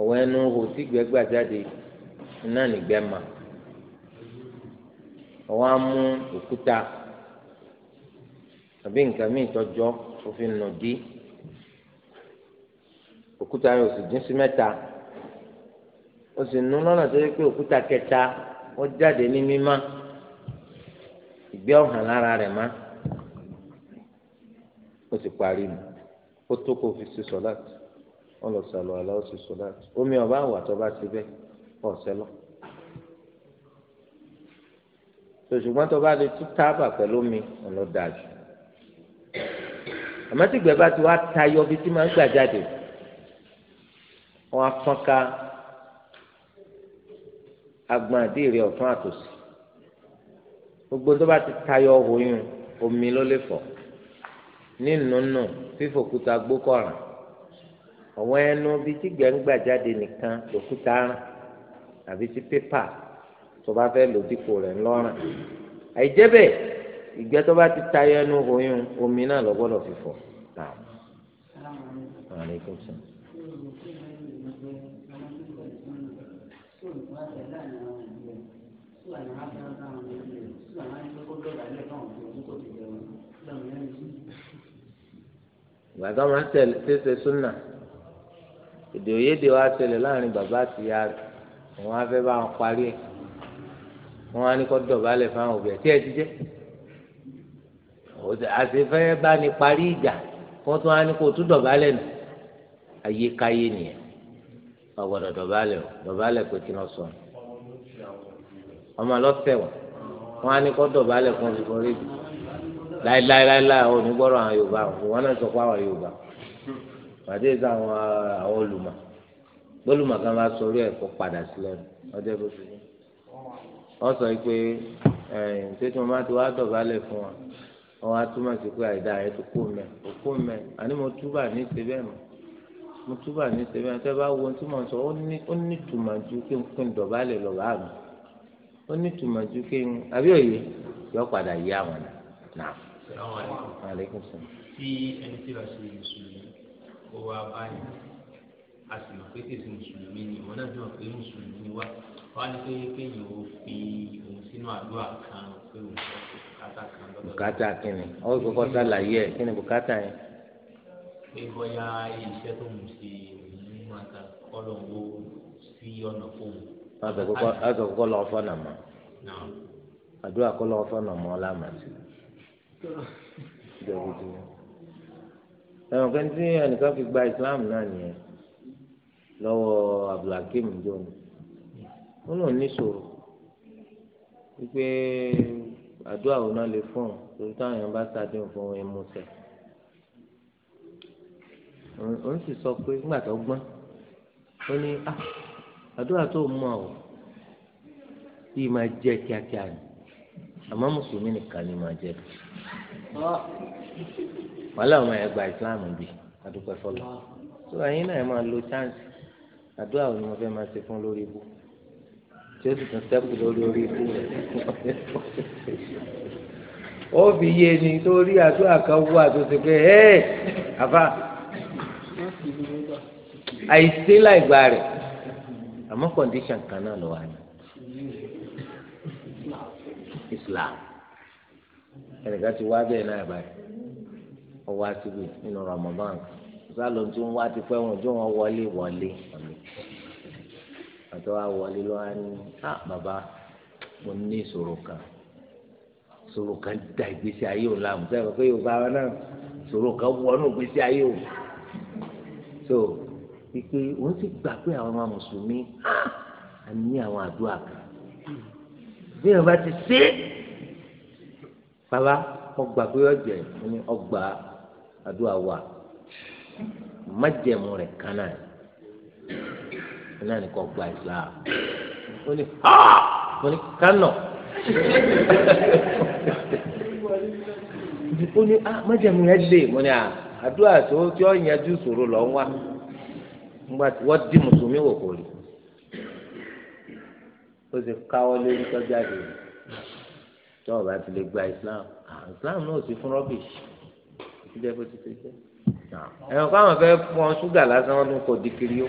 Speaker 1: ọ̀wọ́ ẹnu hò sí gbẹ́gbà jáde náà nígbẹ́ máa ọwọ́ á mú òkúta àbí nǹkan míì tọjọ́ òfin nù dí òkúta yóò sì dín sí mẹ́ta ó sì nu lọ́nà tó yẹ pé òkúta kẹta ó jáde ní mímá ìgbẹ́ ọ̀hàn lára rẹ̀ má ó sì parí mu ó tó kó fi ṣe sọ́láàtì ó lọ sàlọ̀ ó sì sọ́láàtì omi ọ̀bá àwàtọ́ bá ti bẹ́ẹ̀ ọ̀sẹ̀ lọ. sòṣùgbọ́n tó bá lè tú tábà pẹ̀lú mi ọ̀nà dájú àmọ́ tí ìgbẹ́ bá ti wá tayọ bí tí máa ń gbà jáde wọ́n á fọ́n ká agbọ̀n àti ìrẹ̀ ọ̀tún àtòsí gbogbo tó bá ti tayọ oyún omi ló lè fọ̀ nínú nù fífòkúta gbókọ̀ràn àwọn ẹnu bíi tí ìgbẹ́ ń gbà jáde nìkan lòkúta rán àbí ti pépà tó bá fẹ́ lò dípò rẹ̀ ńlọ́rùn àìjẹ́ bẹ́ẹ̀ ìgbẹ́ tó bá ti tayọ ẹnu oyún omi náà lọ gbọ́dọ̀ fi fọ̀ náà. ìgbà tó máa ń tẹ̀lé tẹ̀sẹ̀ súnà èdè òyédè wa tẹ̀lé láàrin bàbá àti ìyá rẹ̀ wọ́n á fẹ́ bá wọn parí ẹ̀ wọn á ní kó dọ̀bálẹ̀ fáwọn òbí ẹ̀ tí ẹ ti jẹ́ àṣefẹ́ bá ní parí ìjà wọ́n tún á ní kó tún dọ̀bálẹ̀ nù ayékáyé nìyẹn ọ̀gbọ̀dọ̀ dọ̀bálẹ̀ o dọ̀bálẹ̀ pé kí wọ́n sọ ọmọ lọ́sẹ̀ wọn wọn á ní kó dọ̀bálẹ̀ fún mi fún rédíò láíláíláíláí ò ní gbọ́dọ̀ àwọn Yorùbá wọn náà sọ pé àwọn Yorùbá pàdé sí àwọn olùmọ̀ gbólùmọ̀ kan bá sọ orí ẹ̀ kó padà sílẹ̀ ọjọ́ ìbùsùn yìí wọ́n sọ pé ṣé tí mo bá ti wá dọ̀bálẹ̀ fún wa wọ́n wá túmọ̀ sí pé àìdá yẹn ti kú mẹ́ kò kú mẹ́ àní mo túbà ní sebẹ́ mọ́ mo túbà ní sebẹ́ mọ́ tẹ́ bá wo tí mo sọ ó ní tùmọ̀ ju kí n kí n dọ̀bálẹ̀ lọ bá mi ó ní tùmọ̀ ju kí n àbí òye yọ padà yí àwọn náà. aleykum salaam. tí ẹni tí wàá ṣe mùsùlùmí ó wá a sì mọ̀ pé kí n wọ́n á ní pé kéèyàn ó fi òun sínú àdúrà kan pé òun sọ pé bùkátà kan lọ́dọ̀. bùkátà kìnnì ó yẹ kókó sàlàyé ẹ̀ kìnnì bùkátà yẹn. pé bóyá iṣẹ́ tó ń ṣe nínú àtà kọ́lọ̀ wo sí ọ̀nà fóun. wọ́n sọ kókó lọ́ọ́ fọ́nà mọ́ àdúrà kọ́lọ́ fọ́nà mọ́ ọlámà sí i. ẹ̀wọ̀n kan tí ẹnìkan fi gba Islam náà nìyẹn lọ́wọ́ Abdulhakeem jọ́nù wọn náà níṣòro wípé àdúrà òun náà lè fún un torí táwọn èèyàn bá ṣàdéhùn fún wọn ẹmu sẹ òun sì sọ pé nígbà tó gbọ́n ó ní àdúrà tó mọ̀ ọ́ yìí máa jẹ́ kíákíá ni àmọ́ mùsùlùmí nìkan ni máa jẹ́ wàhálà ọmọ ẹ̀ gba ìsìláàmù bíi adúpẹ́ fọlọ́ tó ẹ̀yin náà ẹ̀ máa lo chance àdúrà òun ni mo fẹ́ máa ṣe fún lórí ibú tí ó sì tún sẹ́kù lórí orí ikú rẹ̀ ó fi yé ni torí àdúrà kan wú àtúnṣe pé ẹ́ àfa
Speaker 2: àìsí láìgbà rẹ̀
Speaker 1: àmọ́ kọ́ndíṣàn kan náà lọ́wọ́ àná Islam ẹnìkan ti wá bẹ́ẹ̀ náà báyìí ó wá síbi nínú Ramadan sálọ tí ń wá ti pẹ́ wọn ojú wọn wọlé wọlé àti wàá wọlé lọ́wọ́ ní à bàbá mo ní ìṣòro kan ìṣòro kan da ìgbésí ayé òun láàmú sẹ́yìn pé yorùbá wa náà ìṣòro kan wọnú ìgbésí ayé òun so pípé òun ti gbà pé àwọn ọmọ mùsùlùmí á ní àwọn àdúrà kan bí yorùbá ti ṣe bàbá ọgbà pé ọjẹ ní ọgbà àdúrà wà májẹ̀mú rẹ̀ kan náà náà ní kò gba islam ó ní ah! mo ní kánò ó ní ah, májèmú yẹn lè mo ní ah, àdúrà tó tí ó yanjú ìṣòro lọ ń wá wọ́n di mùsùlùmí wò kò rí ó sì káwọ́ lórí tọ́jà dé tí ọba ti lè gba islam islam náà sì fún rubbish. ìdẹ́gbẹ́sí tó jẹ́ ẹ̀rọ káwọn fẹ́ fún ọ ṣúgà lásán wọn ló dìkìrì ó.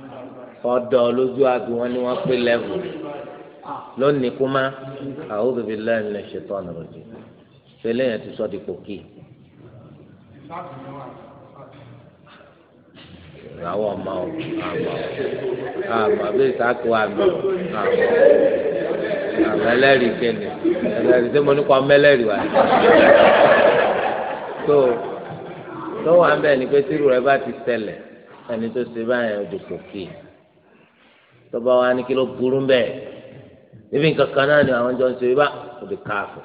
Speaker 2: ọ̀dọ̀ lójú àbí wọn ni wọ́n pé lẹ́wù lónìí kú má
Speaker 1: a'udhu billahi minash shaitanir rajim tẹ́lẹ̀ yẹn ti sọ di pòkì. àwọn ọmọ ọ àmọ́ àmọ́ bí ìsáàkù àmọ́ àmọ́
Speaker 2: àmọ́ ẹlẹ́rìí
Speaker 1: kẹ́ni ẹlẹ́rìí tí mo ní kọ́ mẹ́lẹ́rìí wá tó tó wà ń bẹ̀ ni pé tírú rẹ bá ti ṣẹlẹ̀ ẹni tó ṣe báyẹn ó pòkì tọba wa ni kí ló burú ń ibi nǹkan kan ni àwọn jọ ń ṣe bá kò lè káàfù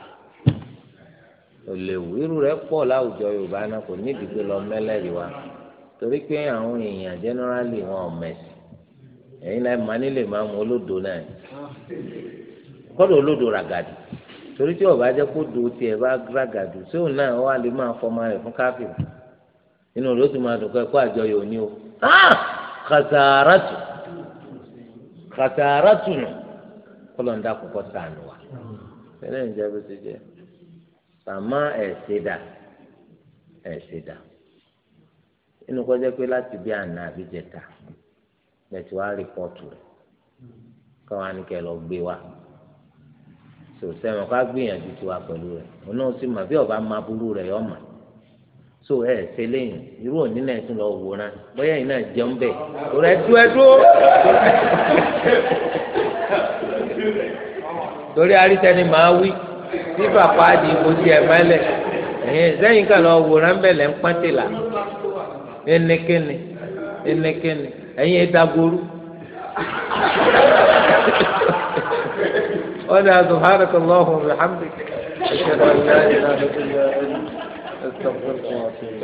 Speaker 1: ò léwu irú rẹ̀ pọ̀ láwùjọ yorùbá náà kò ní ìdìgbò lọ mẹlẹrìí wa torí pé àwọn èèyàn generally wọn ò mẹsì ẹ̀yin náà màá nílè máa mú olódo náà kọ́dọ̀ olódo ràgàdì torí tí ọba jẹ́ kó do tiẹ̀ bá ràgàdì sóun náà wà lè máa fọmọ rẹ̀ fún káfíìn inú rẹ̀ ó sì máa dùn kọ́ ẹ̀kọ́ àjọyọ̀ ní o ah! kàtàràtù. katara tunu kulonda koko sanuwa sani n jabi si je sama ɛsida ɛsida inu kɔjɛ pe lati bi ana abi jɛ ta lati wa ripɔtu rɛ k'awa ni kɛ lɔ gbe wa so sɛ mo k'agbe yan titi wa pɛlu si ma fi ɔba ma buru rɛ yɔ ma. so ẹ ṣe lẹ́yìn irú òní náà tún lọ wòran bóyá yìí náà jẹun bẹ rẹ torí arítẹni máa wí bàbá di ẹ mẹlẹ ẹyìn kan lọ ń pàtẹ là ẹyìn ẹdagoru ọdọ azọ alhamdulilayi.
Speaker 2: استغفرك واتوب اليك